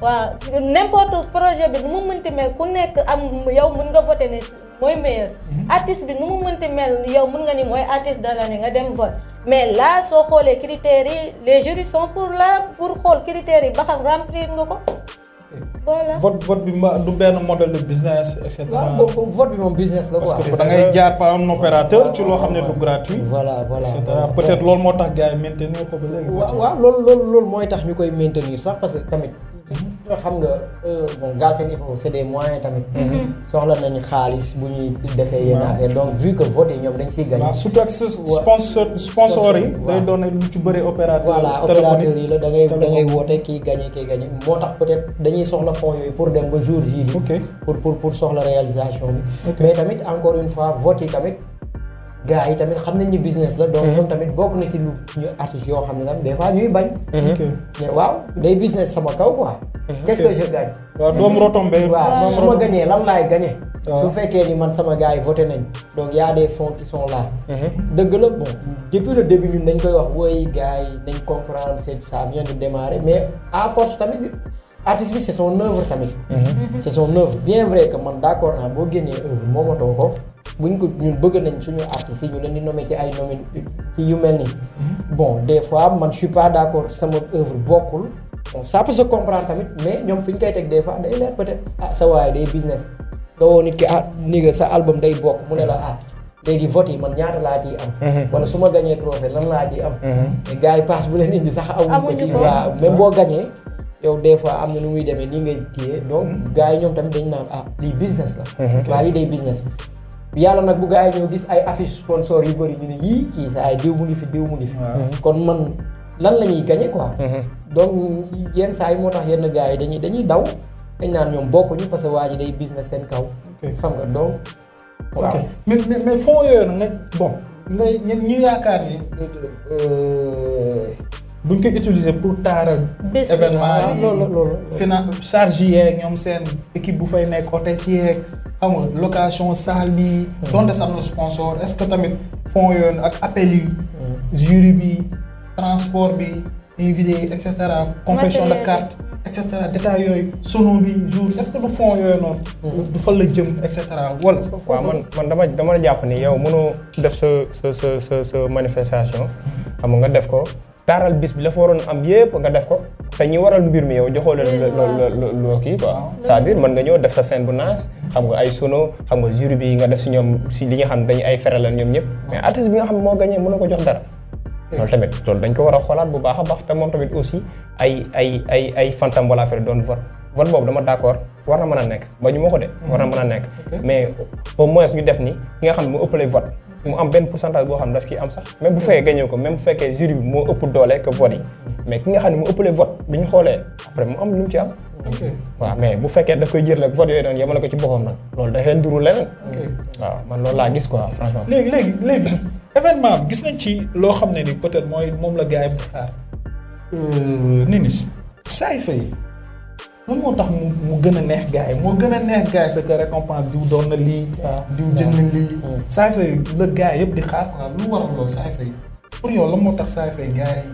waaw n'importe projet bi nu mu mënti mais ku nekk am yow mën nga voter ne. mooy meilleur mhm. artiste bi nu mu mënti mel yow mën nga ni mooy artiste de l'année nga dem vote mais là soo xoolee critères yi les jurys sont pour là pour xool critères yi ba xam remplir nga ko voilà vote vote bi ma du benn modèle de business et cetera. vote bi jaar par opérateur ci loo xam ne du gratuit. voilà voilà et loolu moo tax gars yi maintenir ko waaw loolu loolu mooy tax ñu koy maintenir sax parce que tamit xam nga euh, bon Galsen Info c'est des moyens tamit. Mm-hmm. Mm-hmm. soxla nañu xaalis bu ñuy defee yenn affaire donc vu que vote yi ñoom dañ siy gagné. waaw surtout ak sponsor sponsor yi. day doon lu ci bëri opérateur. yi la da ngay da ngay woote kii gagné kii gagné moo tax peut être dañuy soxla fonds yooyu pour dem ba jour J. ok pour pour pour soxla réalisation bi. mais tamit encore une fois vote yi tamit. gars yi tamit xam nañ ni business la. donc mhm. ñoom tamit bokk na ci lu ñu artistes yoo xam ne tam des bañ. Mhm. ok sama kaw quoi. Mhm. qu'est-ce que je gagne. su ma gañee lan su fekkee ni man sama gars yi voté nañ donc yaa a des fonds qui sont là. dëgg la bon depuis le début ñun dañ koy wax woy gars yi nañ comprendre c'est ça vient de démarrer mais à force tamit. artiste bi c'est son œuvre tamit. c'est son œuvre bien vrai que man d'accord naa boo génnee œuvre moomatoo ko. bu ñu ko ñun bëgg nañ suñu artistes si ñu leen di nommé ci ay nommé ci yu mel nii. Mhm. bon des fois man je suis d' accord sama œuvre bokkul. bon ça peut tamit mais ñoom fi ñu koy teg des fois day leer peut-être ah sa waaye day business. nga woo nit ki ah ni nga sa album day bokk mu ne la ah. léegi vote yi man ñaata laa ciy am. Mhm. wala su ma gagné trophée lan laa ciy am. Mhm. te gars yi paas bu leen indi sax. amuñu ko waaw même boo gañee yow des fois am na nu muy demee nii ngay téye donc gars yi ñoom tamit dañ naan ah lii waa lii day business. yàlla nag bu gaa yi ñoo gis ay affiche sponsor yu bëri dina yii kii sa ay diw mu ngi fi diw mu ngi fi mhm. kon man lan la ñuy gagné quoi mhm. donc yenn saa yi moo tax yenn gars yi dañuy dañuy daw dañ naan ñoom bokkuñu parce que waa ji day business seen kaw xam nga donc waaw mais mais fonds yooyu nag bon nga ñu yaakaar ni euh, duñ ñu koy utiliser pour taaral. événement ah, yi loolu loolu. finance charge yeeg ñoom seen équipe bu fay nekk hôtesse yeeg xam location salle bi. Hmm. donte sax na sponsor est-ce que tamit fonds yoon ak appel yi. jury bi transport bi invité yi et cetera. confection de carte et cetera détail yooyu sono bi jour est-ce que du fonds yooyu noonu. Hmm. du fa la jëm et cetera wala. waaw man man dama dama la jàpp nii yow mënoo def sa sa sa sa manifestation hmm. xam nga def ko. taaral bis bi la fa waroon am yépp nga def ko te ñi waral mbir mi yow joxoo leen loolu loo kii quoi c'est-à-dire mën nga ñëw def sa scène bu naas xam nga ay sono xam nga jury bi nga def si ñoom si li nga xam ne dañu ay feralal ñoom ñëpp mais artiste bi nga xam ne moo gagné mën na ko jox dara loolu tamit loolu dañ ko war a xoolaat bu baax a baax te moom tamit aussi ay ay ay ay fantam wala affaire doon vot vote boobu dama d'accord war na mën a nekk ba ñu ma ko de war na mën a nekk mais au moins ñu def ni ki nga xam ne mu ëppale vote mu am benn pourcentage boo xam ne daf ciy am sax même bu fekkee gagné ko même bu fekkee jury bi moo ëpp doole que vote yi mais ki nga xam ne mu ëppalee vote bi ñu xoolee après mu am lu mu ci am. waaw mais bu fekkee daf koy jël rek vote yooyu noonu yemale ko ci boppam nag loolu dafay nduru leneen. waaw man loolu laa gis quoi franchement. léegi léegi léegi événement bi gis nañ ci loo xam ne ni peut-être mooy moom la gars yi mu xaar. Euh, Néné Saay lu moo tax mu mu gën a neex gars yi moo gën a neex gars yi c'est diw doon lii. Ah, diw jënd na lii. Hmm. Hmm. saay fay la gars yëpp di xaar waaw lu waral loolu saay fay pour yow lan moo tax saay fay gars yi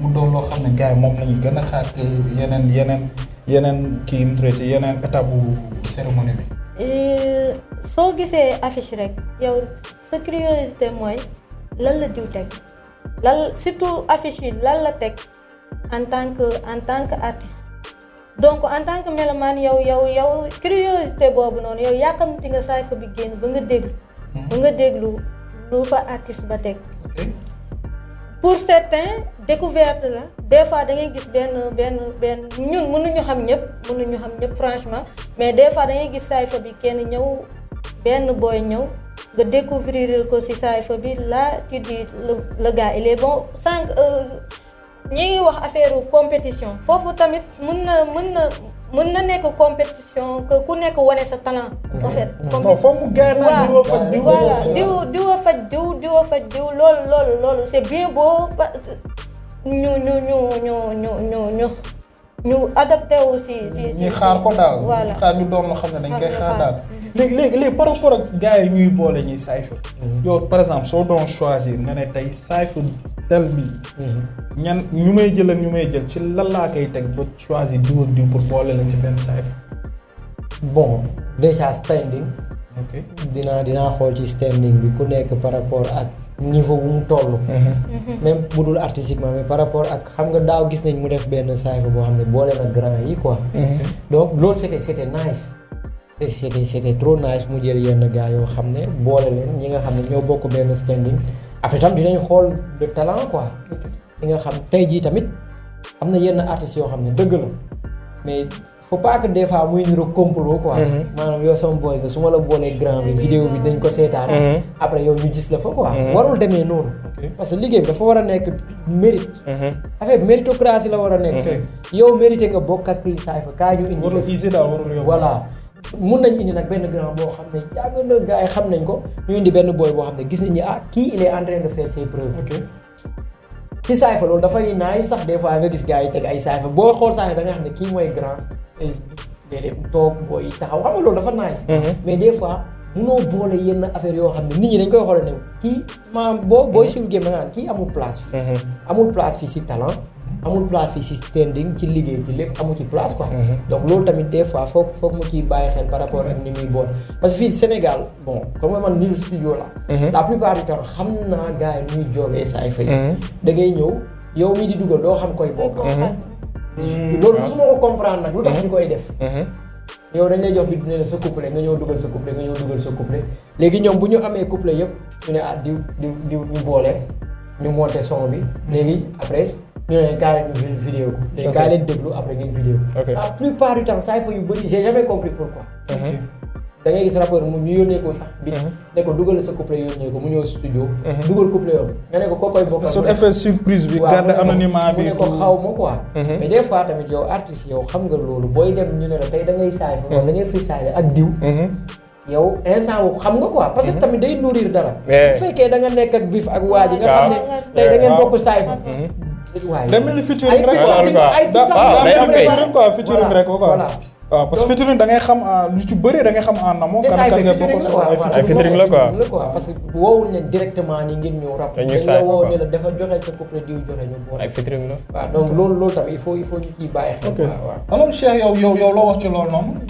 mu doon loo xam ne gars yi moom la ñu gën a xaar yeneen yeneen yeneen kii mu traité yeneen étape cérémonie bi. Eh, soo gisee affiche rek yow sa curiosité mooy lan la diw teg lan surtout affiche yi lan la teg en tant que en tant que artiste. donc en tant que mélomane yow yow yow curiosité boobu noonu yow yàqamti nga saay fa bi génn ba nga déglu hmm. ba nga déglu lu fa artiste ba teg pour certains découverte la des fois da ngay gis benn benn benn ñun mënuñu xam ñëpp mënuñu xam ñëpp franchement mais des fois da gis saay fa bi kenn ñëw benn booy ñëw nga découvrir ko si saay fa bi la tu dis le gars il est bon sans ñi ngi wax affaire compétition foofu tamit mën na mën na mën na nekk compétition que ku nekk wane sa talent. en fait mm-hmm. compétition waaw voilà diw diw a faj diw diw a faj diw loolu loolu loolu c'est bien beau ñu ñu ñu ñu ñu ñu ñu ñu adapté wu si si si. ñu xaar ko daal voilà xaar ñu doon loo xam ne dañ koy xaar daal. léegi léegi léegi par ak gars yi ñuy boole ñuy cypher. Mm-hmm. yow par exemple soo doon choisir nga ne tey cypher tel bi mm-hmm. ñan ñu may jël ak ñu may jël ci lan laa koy teg ba choisir diw ak diw pour boole leen ci benn saay bon déjà standing. ok dinaa dinaa xool ci standing bi ku nekk par rapport ak niveau bu mu toll. Mhm. Mhm. même bu dul artistiquement mais par rapport ak xam nga daaw gis nañ mu def benn saay boo xam ne boole na grand yi quoi. Mhm. donc loolu c'était c'était nice. c'était c'était trop nice mu jël yenn gars yoo xam ne boole leen ñi nga xam ne ñoo bokk benn standing après dinañu xool de talent quoi. fi xam tey jii tamit am na yenn artistes yoo xam ne dëgg la mais foo pas que des fois muy niru complot quoi. Mhm. maanaam yow sama booy nga su ma la boolee grand bi vidéo bi dañ ko seetaan. Mhm. après yow ñu gis la ko quoi. Mhm. warul demee noonu. parce que liggéey bi dafa war a nekk mérite. affaire méritocratie la war a nekk. yow mérité nga bokk ak kii saay fa kaa ñu indi. warul visé daal warul yow voilà. mun nañ indi nag benn grand boo xam ne yàgg xam nañ ko ñu indi benn booy boo xam ne gis nañ ni ah kii il est ci saay fa loolu dafay naay sax des fois nga gis gaa yi teg ay saay fa boo xool saay fa da nga xam ne kii mooy grand léeg-léeg toog booy taxaw xam loolu dafa naay mhm. mais des fois munoo boole yenn affaire yoo xam ne nit ñi dañ koy xoolee ne kii maanaam boo booy mhm. suivre game da nga naan kii amul place fii mhm. amul place fii si talent amul place fii si standing ci liggéey bi lépp amu ci place quoi. Mhm. donc loolu tamit des fois foog foog mu ciy bàyyi xel par rapport ak ni muy bool parce que fii Sénégal bon comme man nitu studio la. Mhm. la plupart du temps xam naa gars yi ñuy joobee saay fay. Mhm. da ngay ñëw yow mii di dugal doo xam koy bokk. loolu mosuma ko comprendre nag lu tax ñu koy def. yow dañ lay jox bi ne la sa couplet nga ñëw dugal sa couplet nga ñëw dugal sa couplet léegi ñoom bu ñu amee couplet yëpp ñu ne ah diw diw diw ñu boole ñu monter son bi léegi après. ñu ne leen gars yi ñu vidéo ko léegi gars yi leen déglu après ngeen vidéo la plupart du temps saa yu bëri j'ai jamais compris pourquoi da ngay gis rapport mu ñu yónnee ko sax bi mhm. ne ko dugal sa couplet yónnee ko mhm. nga ne ko koo koy bokkal mu ne ko xaw ma quoi mhm. mais des tamit yow artiste yow xam nga loolu booy dem ñu ne la tey da ngay saay fa wala da ngay fri saay ak diw yow instant wu xam nga quoi parce que tamit day nourrir dara eh. fekkee da nekk ak biif ak waa ji nga xam ne tey da eh, bokk waaye dem nañu featuring rek quoi featuring ah, waaw parce que featuring da ngay xam ah, lu ci bëri da ngay xam ah, en amont. kan kan nga bokk ay featuring la quoi waaw parce que woowul ne directement ni ngeen ñëw rap. dañuy saay quoi ne la dafa joxe sa couplet diw joxe ñu boole. ay featuring la. waaw donc loolu loolu tamit il faut il faut ñu ciy bàyyi xel. ok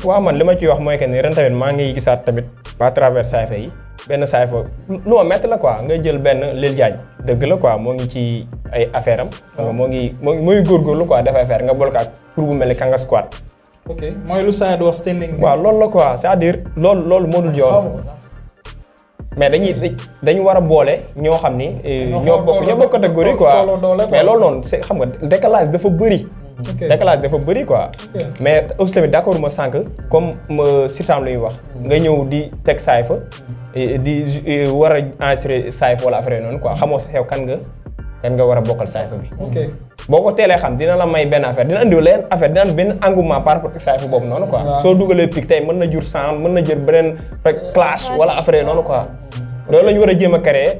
waaw man li ma ciy wax mooy que ren tamit maa ngi gisaat tamit à travers saafa yi benn saafa lu ma métti la quoi nga jël benn Lil Diagne dëgg la quoi moo ngi ci ay affaire am. moo ngi moo ngi moo ngi góorgóorlu quoi dafay nga boole ko ak pour mel ni Kanga Squad. ok mooy lu saa wax loolu la quoi c'est-à-dire loolu loolu moo dul yoon. mais dañuy dañu war a boole ñoo xam ni. Eh, ñoo bokk ñoo bokk catégorie quoi mais loolu noonu c'est xam nga décalage dafa bëri. décalage dafa bëri quoi. mais aussi tamit d' accord ma sànq comme ma euh, sitaam la wax. Mm. nga ñëw di teg saay fa. Mm. di war a enregistrer saay fa wala affaire noonu quoi xamoo sa xew kan nga kan nga war a bokkal saay fa bi. boo ko teelee xam dina la may benn affaire dina andi leen affaire dina am benn engouement par boobu noonu quoi. soo dugalee pic tey mën na jur sang mën na jël beneen clash wala affaire noonu quoi. Mm. loolu lañu war a jéem a créer.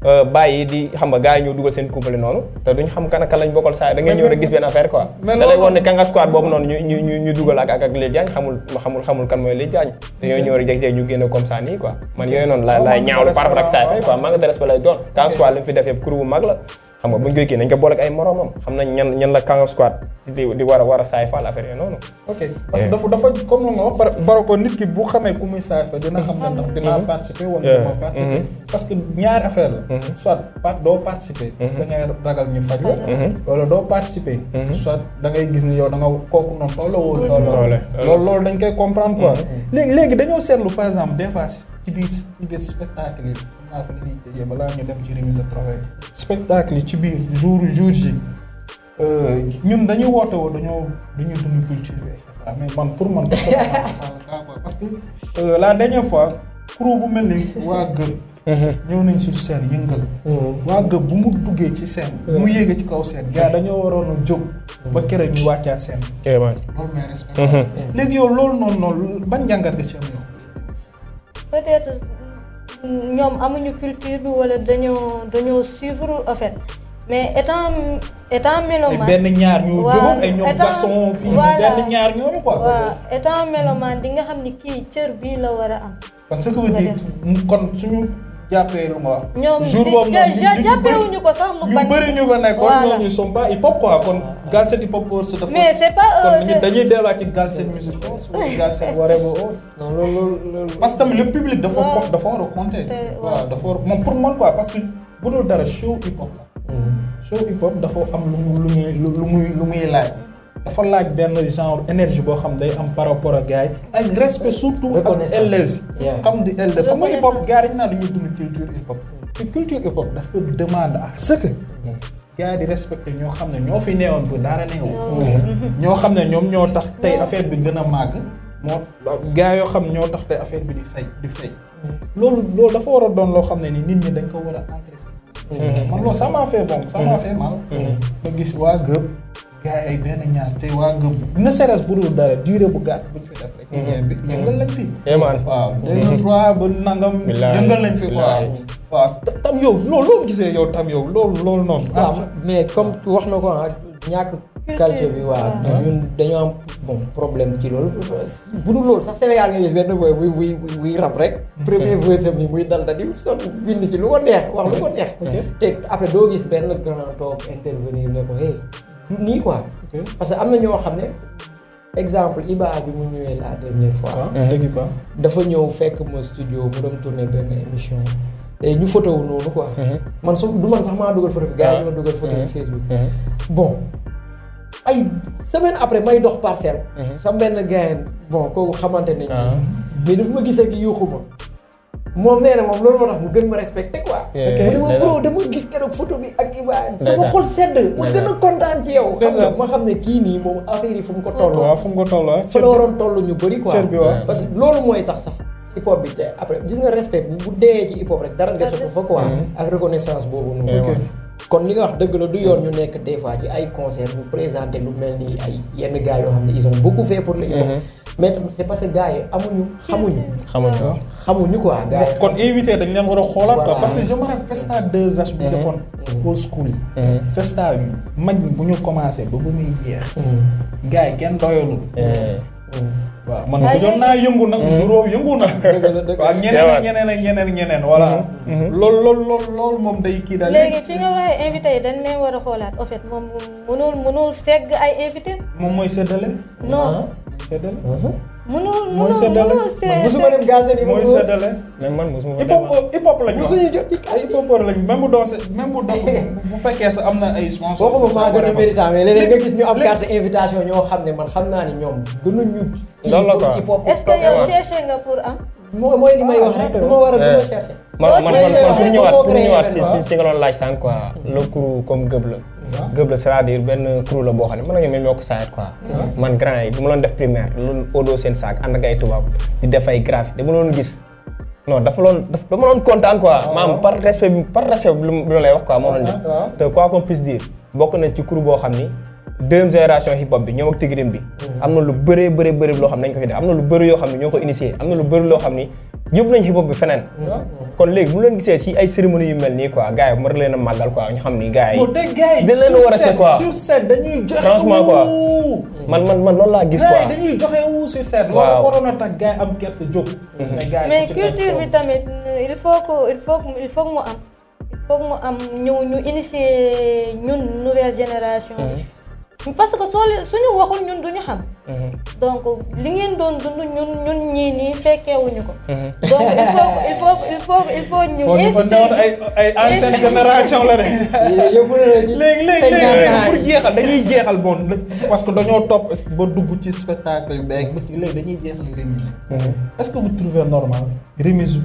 Euh, bàyyi di xam nga gars yi ñoo dugal seen couple noonu te duñ xam kan ak kan lañ bokkal saa da ngay ñëw gis benn affaire quoi da lay woon ne kanga squad boobu noonu ñu ñu dugal ak ak ak Lil xamul xamul kan mooy Lil Diagne dañoo ñëw rek jékki-jékki ñu génn comme ça nii quoi man yooyu noonu la laay ñaawlu par ak saa fay maa nga deres ba lay doon kanga squad li mu fi def yëpp kur bu mag la xam nga buñ koy kii nañ ko boole ak ay moromam xam nañ ñan la kanga a a saay faal affaire yi noonu ok eh. parce que ki bu xamee ku muy saay fa dina xam ne mm-hmm. ndax mm-hmm. dinaa mm-hmm. participer wala eh. duma participer parce que ñaari la soit pa doo da ngay ragal ñu faj la da ngay gis ni yow da nga kooku noonu loolu loolu dañ koy comprendre quoi léegi léegi dañoo seetlu par exemple des fois ci biir ci biir spectacle yi naa fi la ñuy tëjee balaa ñu dem ci remise de trophée spectacle yi ci biir jour jour ji euh, ñun dañuy woote woo dañoo dañuy dund culture et cetera mais man pour man personnellement parce que euh, la dernière fois crew bu mel ni waa gër ñëw nañ su scène yëngal. waa gëb bu mu duggee ci scène. bu mu yéegee ci kaw scène gars dañoo waroon a jóg. ba kere ñu wàccaat scène. loolu may mhm. léegi yow loolu noonu noonu bañ jàngat nga ci yow. ñoom amuñu culture bi wala dañoo dañoo suivre a fait mais étant étant mélomane. benn ñaar ñu ñaar ñooñu quoi. waaw di nga xam ni kii cër bii la war a am. parce que kon suñu. jàppee lu ma wax. jour boobu noonu ñu ko sax mu ban. ñu bëri ñu fa nekkoon ñoom ñu sont pas hip hop quoi kon Galsen hip hop Awards dafa. mais c'est pas euh, kon dañuy delluwaat ci Galsen Music Awards wala Galsen whatever Awards. non loolu loolu parce que tamit le public dafa compte dafa war a compter. dafa war moom pour man quoi parce que bu dul dara show hip hop la. Mhm. show hip hop dafa am lu mu lu muy lu muy lu muy laaj. dafa laaj benn genre énergie boo xam ne day am par rapport a gars yi ak respect surtout ak elles xam di elles xam nga hip hop gars yi naa dañuy demande à ce di respecté ñoo xam ne ñoo fi neewoon bu dara neewu mm-hmm. ñoo xam ne ñoom ñoo tax mm-hmm. tey affaire bi gën a màgg moo gars yoo xam ñoo tax affaire bi di fay di mm-hmm. loolu loolu dafa war doon loo xam ne ni nit ñi dañ ko war a encaisser man loolu ça mal ma gis waa gëpp gars yi ay benn ñaar te waa ngëm ne serait-ce bu dul dara durée bu gàtt bu ñu fi def rek. ñeent mm-hmm. bi mm-hmm. mm-hmm. yëngal lañ fi. éman waaw deux mille trois ba tam yow loolu loo gisee yow tam yow loolu loolu noonu. waaw mais comme wax na ko ah ñàkk. culture bi waa ah. ñun dañoo am bon problème ci loolu bu dul loolu sax Sénégal nga gis benn booy buy buy buy rab rek premier verset bi muy dal di son bind ci lu ko neex wax lu ko neex te après doo gis benn grand toog intervenir ne ko hey nii quoi. parce que am na ñoo xam ne exemple Iba bi mu ñëwee la dernière fois. Ah, dafa ñëw fekk ma studio mu doon tourner benn émission. et ñu photo noonu quoi. Mhm. man su du man sax maa dugal photo bi. gars yi ah. ñoo dugal photo bi mhm. Facebook. Mhm. bon ay semaine après may dox parcelle. sama benn gars bon kooku xamante nañ. Ah. mais dafa ma gis ak yuuxu ma. moom nee na moom loolu moo tax mu gën ma respecté quoi. Eh, mu ne ma bro dama gis keroog photo bi ak Iba. dama xol sedd ma gën a kontaan ci yow. xam nga ma xam ne kii nii moom affaire yi fu mu ko toll. waaw fu mu ko toll ah. la waroon toll ñu bëri ko parce que loolu mooy tax sax. hip hop bi te après gis nga respect bu dee ci hip hop rek dara desatu fa quoi. Mm-hmm. ak reconnaissance boobu noonu. Eh, kon li nga wax dëgg la du yoon ñu nekk des fois ci ay concert bu présenté lu mel ni ay yenn gars yoo xam ne ils ont beaucoup pour le hip mm-hmm. mais tam c'est parce que gars yi amuñu xamuñu. xamuñu waaw xamuñu quoi gars yi. kon invité dañ leen war a xoolaat quoi parce que je me rappelle Festa 2H bu ñu defoon. Mm-hmm. old yi. Mm-hmm. Festa yi bu ñu commencé ba bu muy jeex. gars yi kenn doyalul. waaw man ko ñoom naa yëngu nag mm-hmm. jour boobu yëngu na waaw ñeneen ak ñeneen ñeneen ñeneen voilà mm-hmm. Mm-hmm. lool lool lool lool moom day kii daal léegi fi nga waxee invité yi dañ leen war a xoolaat en fait moom mënul mënul segg ay invité moom mooy séddale non ah. séddale mënul mënul séddale mosuma dem gazette yi mooy séddale mais man mosuma fa dem hip hop lañ wax mosuñu jot ay hip hop lañ ah, même bu doon même bu doon bu fekkee sa am na ay sponsor waxuma maa gën a méritant mais léeg-léeg nga gis ñu am carte invitation ñoo xam ne man xam naa ni ñoom gënuñu hip hop est-ce que yow cherché nga pour am moo mooy li may ah, wax rek du ma war a du ma eh, cherché man man man pour ñëwaat pour ñëwaat si si si nga doon laaj sànq quoi le crew comme gëb la gëb la cest à benn crew la boo xam ne mën nañu même yokk saayet quoi man grand yi bu ma loon def primaire loolu odo seen saak ànd ak ay tubaab di def ay graphique dama loon gis non dafa loon daf dama loon kontaan quoi ah maam par respect bi par lu ma lay wax quoi moom lañ def te quoi qu'on puisse dire bokk nañ ci crew boo xam ni deuxième génération hip hop bi ñoom ak tigrim bi mm-hmm. am na lu bëree bëri bëri loo xam ne dañ ko fi def am na lu bëri yoo xam ne ñoo ko initié am na lu bëri loo xam ni yóbbu nañ hip hop bi feneen. Mm. kon léegi bu leen gisee si ay cérémonie yu mel nii ko gars yi war leen a màggal ko ñu xam ni gars yi. dañ leen a war a se quoi sur scène dañuy joxe franchement quoi man man man loolu laa gis quoi. dañuy joxe su sur scène. waaw loolu waroon na tax gars yi am kersa jóg. Mm-hmm. mais culture bi tamit il faut que il faut que mu am. il mu am ñëw ñu initier ñun nouvelle génération. Mm-hmm. parce que soo leen suñu waxul ñun duñu xam. Mhm. donc li ngeen doon dund ñun ñun ñii nii fekkeewuñu ko. Mhm. donc il faut il faut il faut ñu. inspiré ay ay ancienne génération la de. léegi léegi léegi pour jeexal dañuy jeexal bon parce que dañoo topp ba dugg ci spectacle yi beeg ba léegi dañuy jeexal remise. Mhm. est-ce que vous trouvez normal remise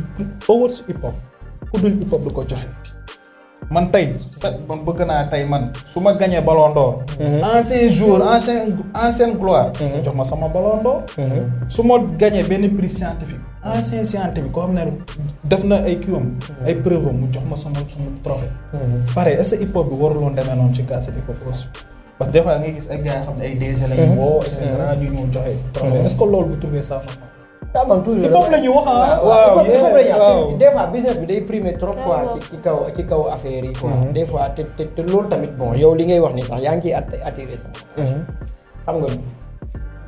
awards hip hop ku dul hip hop du ko joxe. man tey sa man bëgg naa tey man su ma gañee ballon d'or. Mhm. ancien jour ancien ancienne gloire. Mhm. jox ma sama ballon d'or. Mhm. su ma gañee benn prix scientifique ancien scientifique ko xam ne def na ay kiwam ay preuve mu jox ma sama sama trophée. pare est-ce que hip hop bi waruloon demee noonu ci casse hip hop aussi. parce que des fois nga gis ay gars yoo xam ne ay DG la ñu woo. et cetera ñu ñëw joxe trophée est-ce que loolu bu trouvé ça. ah man toujours moom la ñu wax ah. ah. waaw waaw des business bi day primer trop quoi ci kaw ci kaw affaire yi quoi. Mhm. des fois te te loolu tamit bon yow li ngay wax ni sax yaa ngi ciy attiré sax. Mhm. xam nga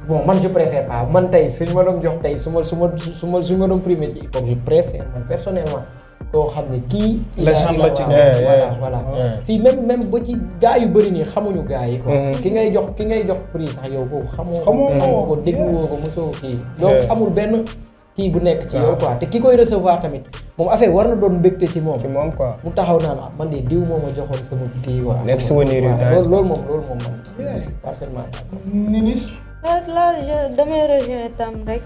bon man je préfère pas man tey suñu ma doon jox tey su ma su ma su ma su ma doon primé ci hip hop préfère man personnellement. koo xam ne kii. légende la ci voilà fii même même ba ci gaa yu bëri nii xamuñu gaa yi. Mm-hmm. ki ngay jox ki ngay jox prix sax yow kooku xamoo. xamoo ko dégluwoo ko mosoo kii. donc amul benn nekk ci yow quoi te ki koy recevoir tamit moom affaire war na doon mbégte ci moom. ci moom quoi mu taxaw naan ah man de diw moom a joxoon sama kii quoi. nekk souvenir yu loolu loolu moom loolu moom man. parfaitement d'accord. Ninis. damay rejoindre tam rek.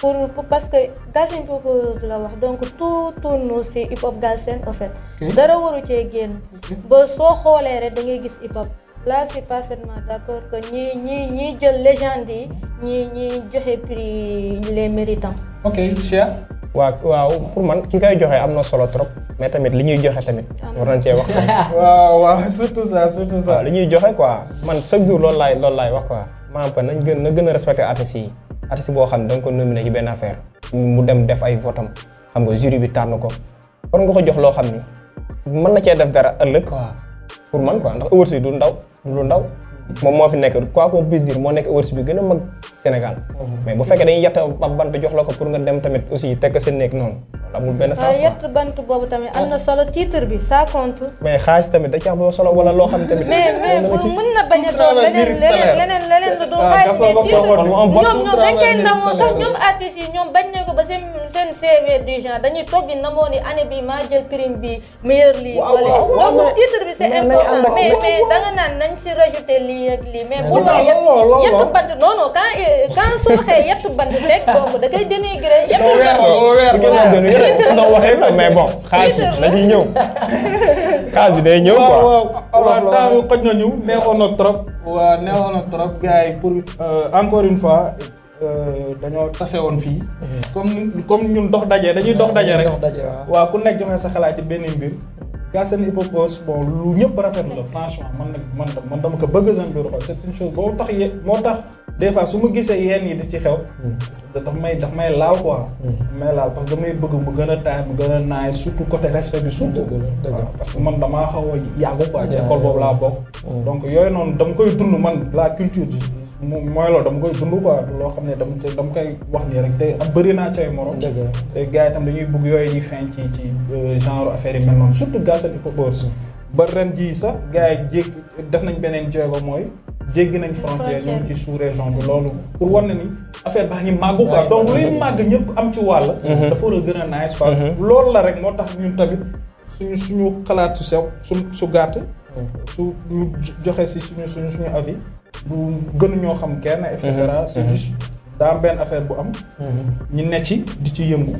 pour parce que Galsen Popers la wax donc tout tourne ci hip hop Galsen en fait. dara waru cee génn. ba soo xoolee rek da ngay gis hip hop. là je suis parfaitement d' accord que ñii ñii ñii jël légende yi ñi ñi joxe prix les méritants. ok Chia. waaw pour man ki koy joxe am na solo trop. mais tamit li ñuy joxe tamit. war nañ cee wax. waaw waaw surtout ça surtout ça. li ñuy joxe quoi man chaque jour loolu laay loolu laay wax quoi maanaam que nañ gën na gën a respecté artistes yi. artiste boo xam ne da nga ko nominé ci benn affaire mu dem def ay votam xam nga jury bi tànn ko par nga ko jox loo xam ne mën na cee def dara ëllëg quoi pour man quoi ndax wërsëg du ndaw lu ndaw moom moo fi nekk quoi qu'on moo nekk wërs bi gën a mag Sénégal mhm. mais bu fekkee jox la ko pour nga dem tamit aussi seen néeg noonu amul benn sens waaye yett bant boobu tamit am na xaalis tamit da solo wala loo xam tamit mais mais mën na bañ a doon leneen leneen leneen du genre dañuy toog di ndamoo ni année bi maa jël prime bi meilleur lii wala donc titre bi c'est important mais mais da nga naan nañ si rajouter lii lii ak lii mais bu loo yett su waxee yett bant teg donc da koy dénigré yett bant loolu weer loolu waxee mais bon xaalis bi dañuy ñëw xaalis bi day ñëw quoi waaw xoj na ñu neexoon trop waa neexoon trop gars yi pour euh, encore une fois euh, dañoo tase woon fii mhm. comme comme ñun dox daje dañuy dox daje rek waaw ku nekk joxe sa xalaat ci benn mbir Galsen Hip Hop House bon lu ñëpp rafetlu la franchement man nag man man dama ko bëgg seen biir xol c'est une chose boo tax ye moo tax des su ma gisee yenn yi di ci xew. Hmm. daf may daf may laal quoi. Hmm. may laal parce que damay bëgg mu gën a taay mu gën a naay surtout côté respect bi surtout. waaw parce que man damaa xaw a yàggu quoi. ci école boobu laa bokk. Hmm. donc yooyu noonu dama koy dund man la culture. mooy loolu dama koy dund quoi loo xam ne dama dama koy wax nii rek te am bëri naa ci ay morom. dëgg la te gars yi tam dañuy bëgg yooyu di feeñ ci ci euh, genre affaire yi mel noonu surtout gars yi di ba ren jii sax gars yi jég def nañ beneen jéego mooy. jéggi nañ frontière ñoom ci sous région bi loolu pour war na ni affaire baa ngi màggu quoi donc luy màgg ñëpp am ci wàll mm-hmm. dafa war a gën a nice quoi mm-hmm. loolu la rek moo tax ñu tamit suñu suñu xalaat su sew su su gàtt mm-hmm. su ñu joxe si suñu suñu suñu avis bu ñoo xam kenn et cetera mhm. c'est juste benn affaire bu am mhm. ñi ne ci di ci yëngu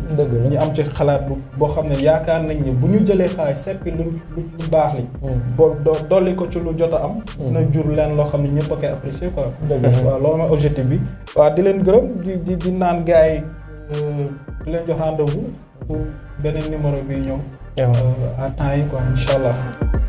ñu am ci xalaat bu boo xam ne yaakaar nañ ne bu ñu jëlee xaalis seppi lu lu baax li mhm. boo do dolli ko ci lu jot a am na jur leen loo xam ne ñëpp a koy apprécier quoi waaw loolu mooy objectif bi waaw di leen gërëm di di di naan gars yi euh, di leen jox rendez-vous pour beneen numéro bi ñëw euh, à temps yi quoi incha allah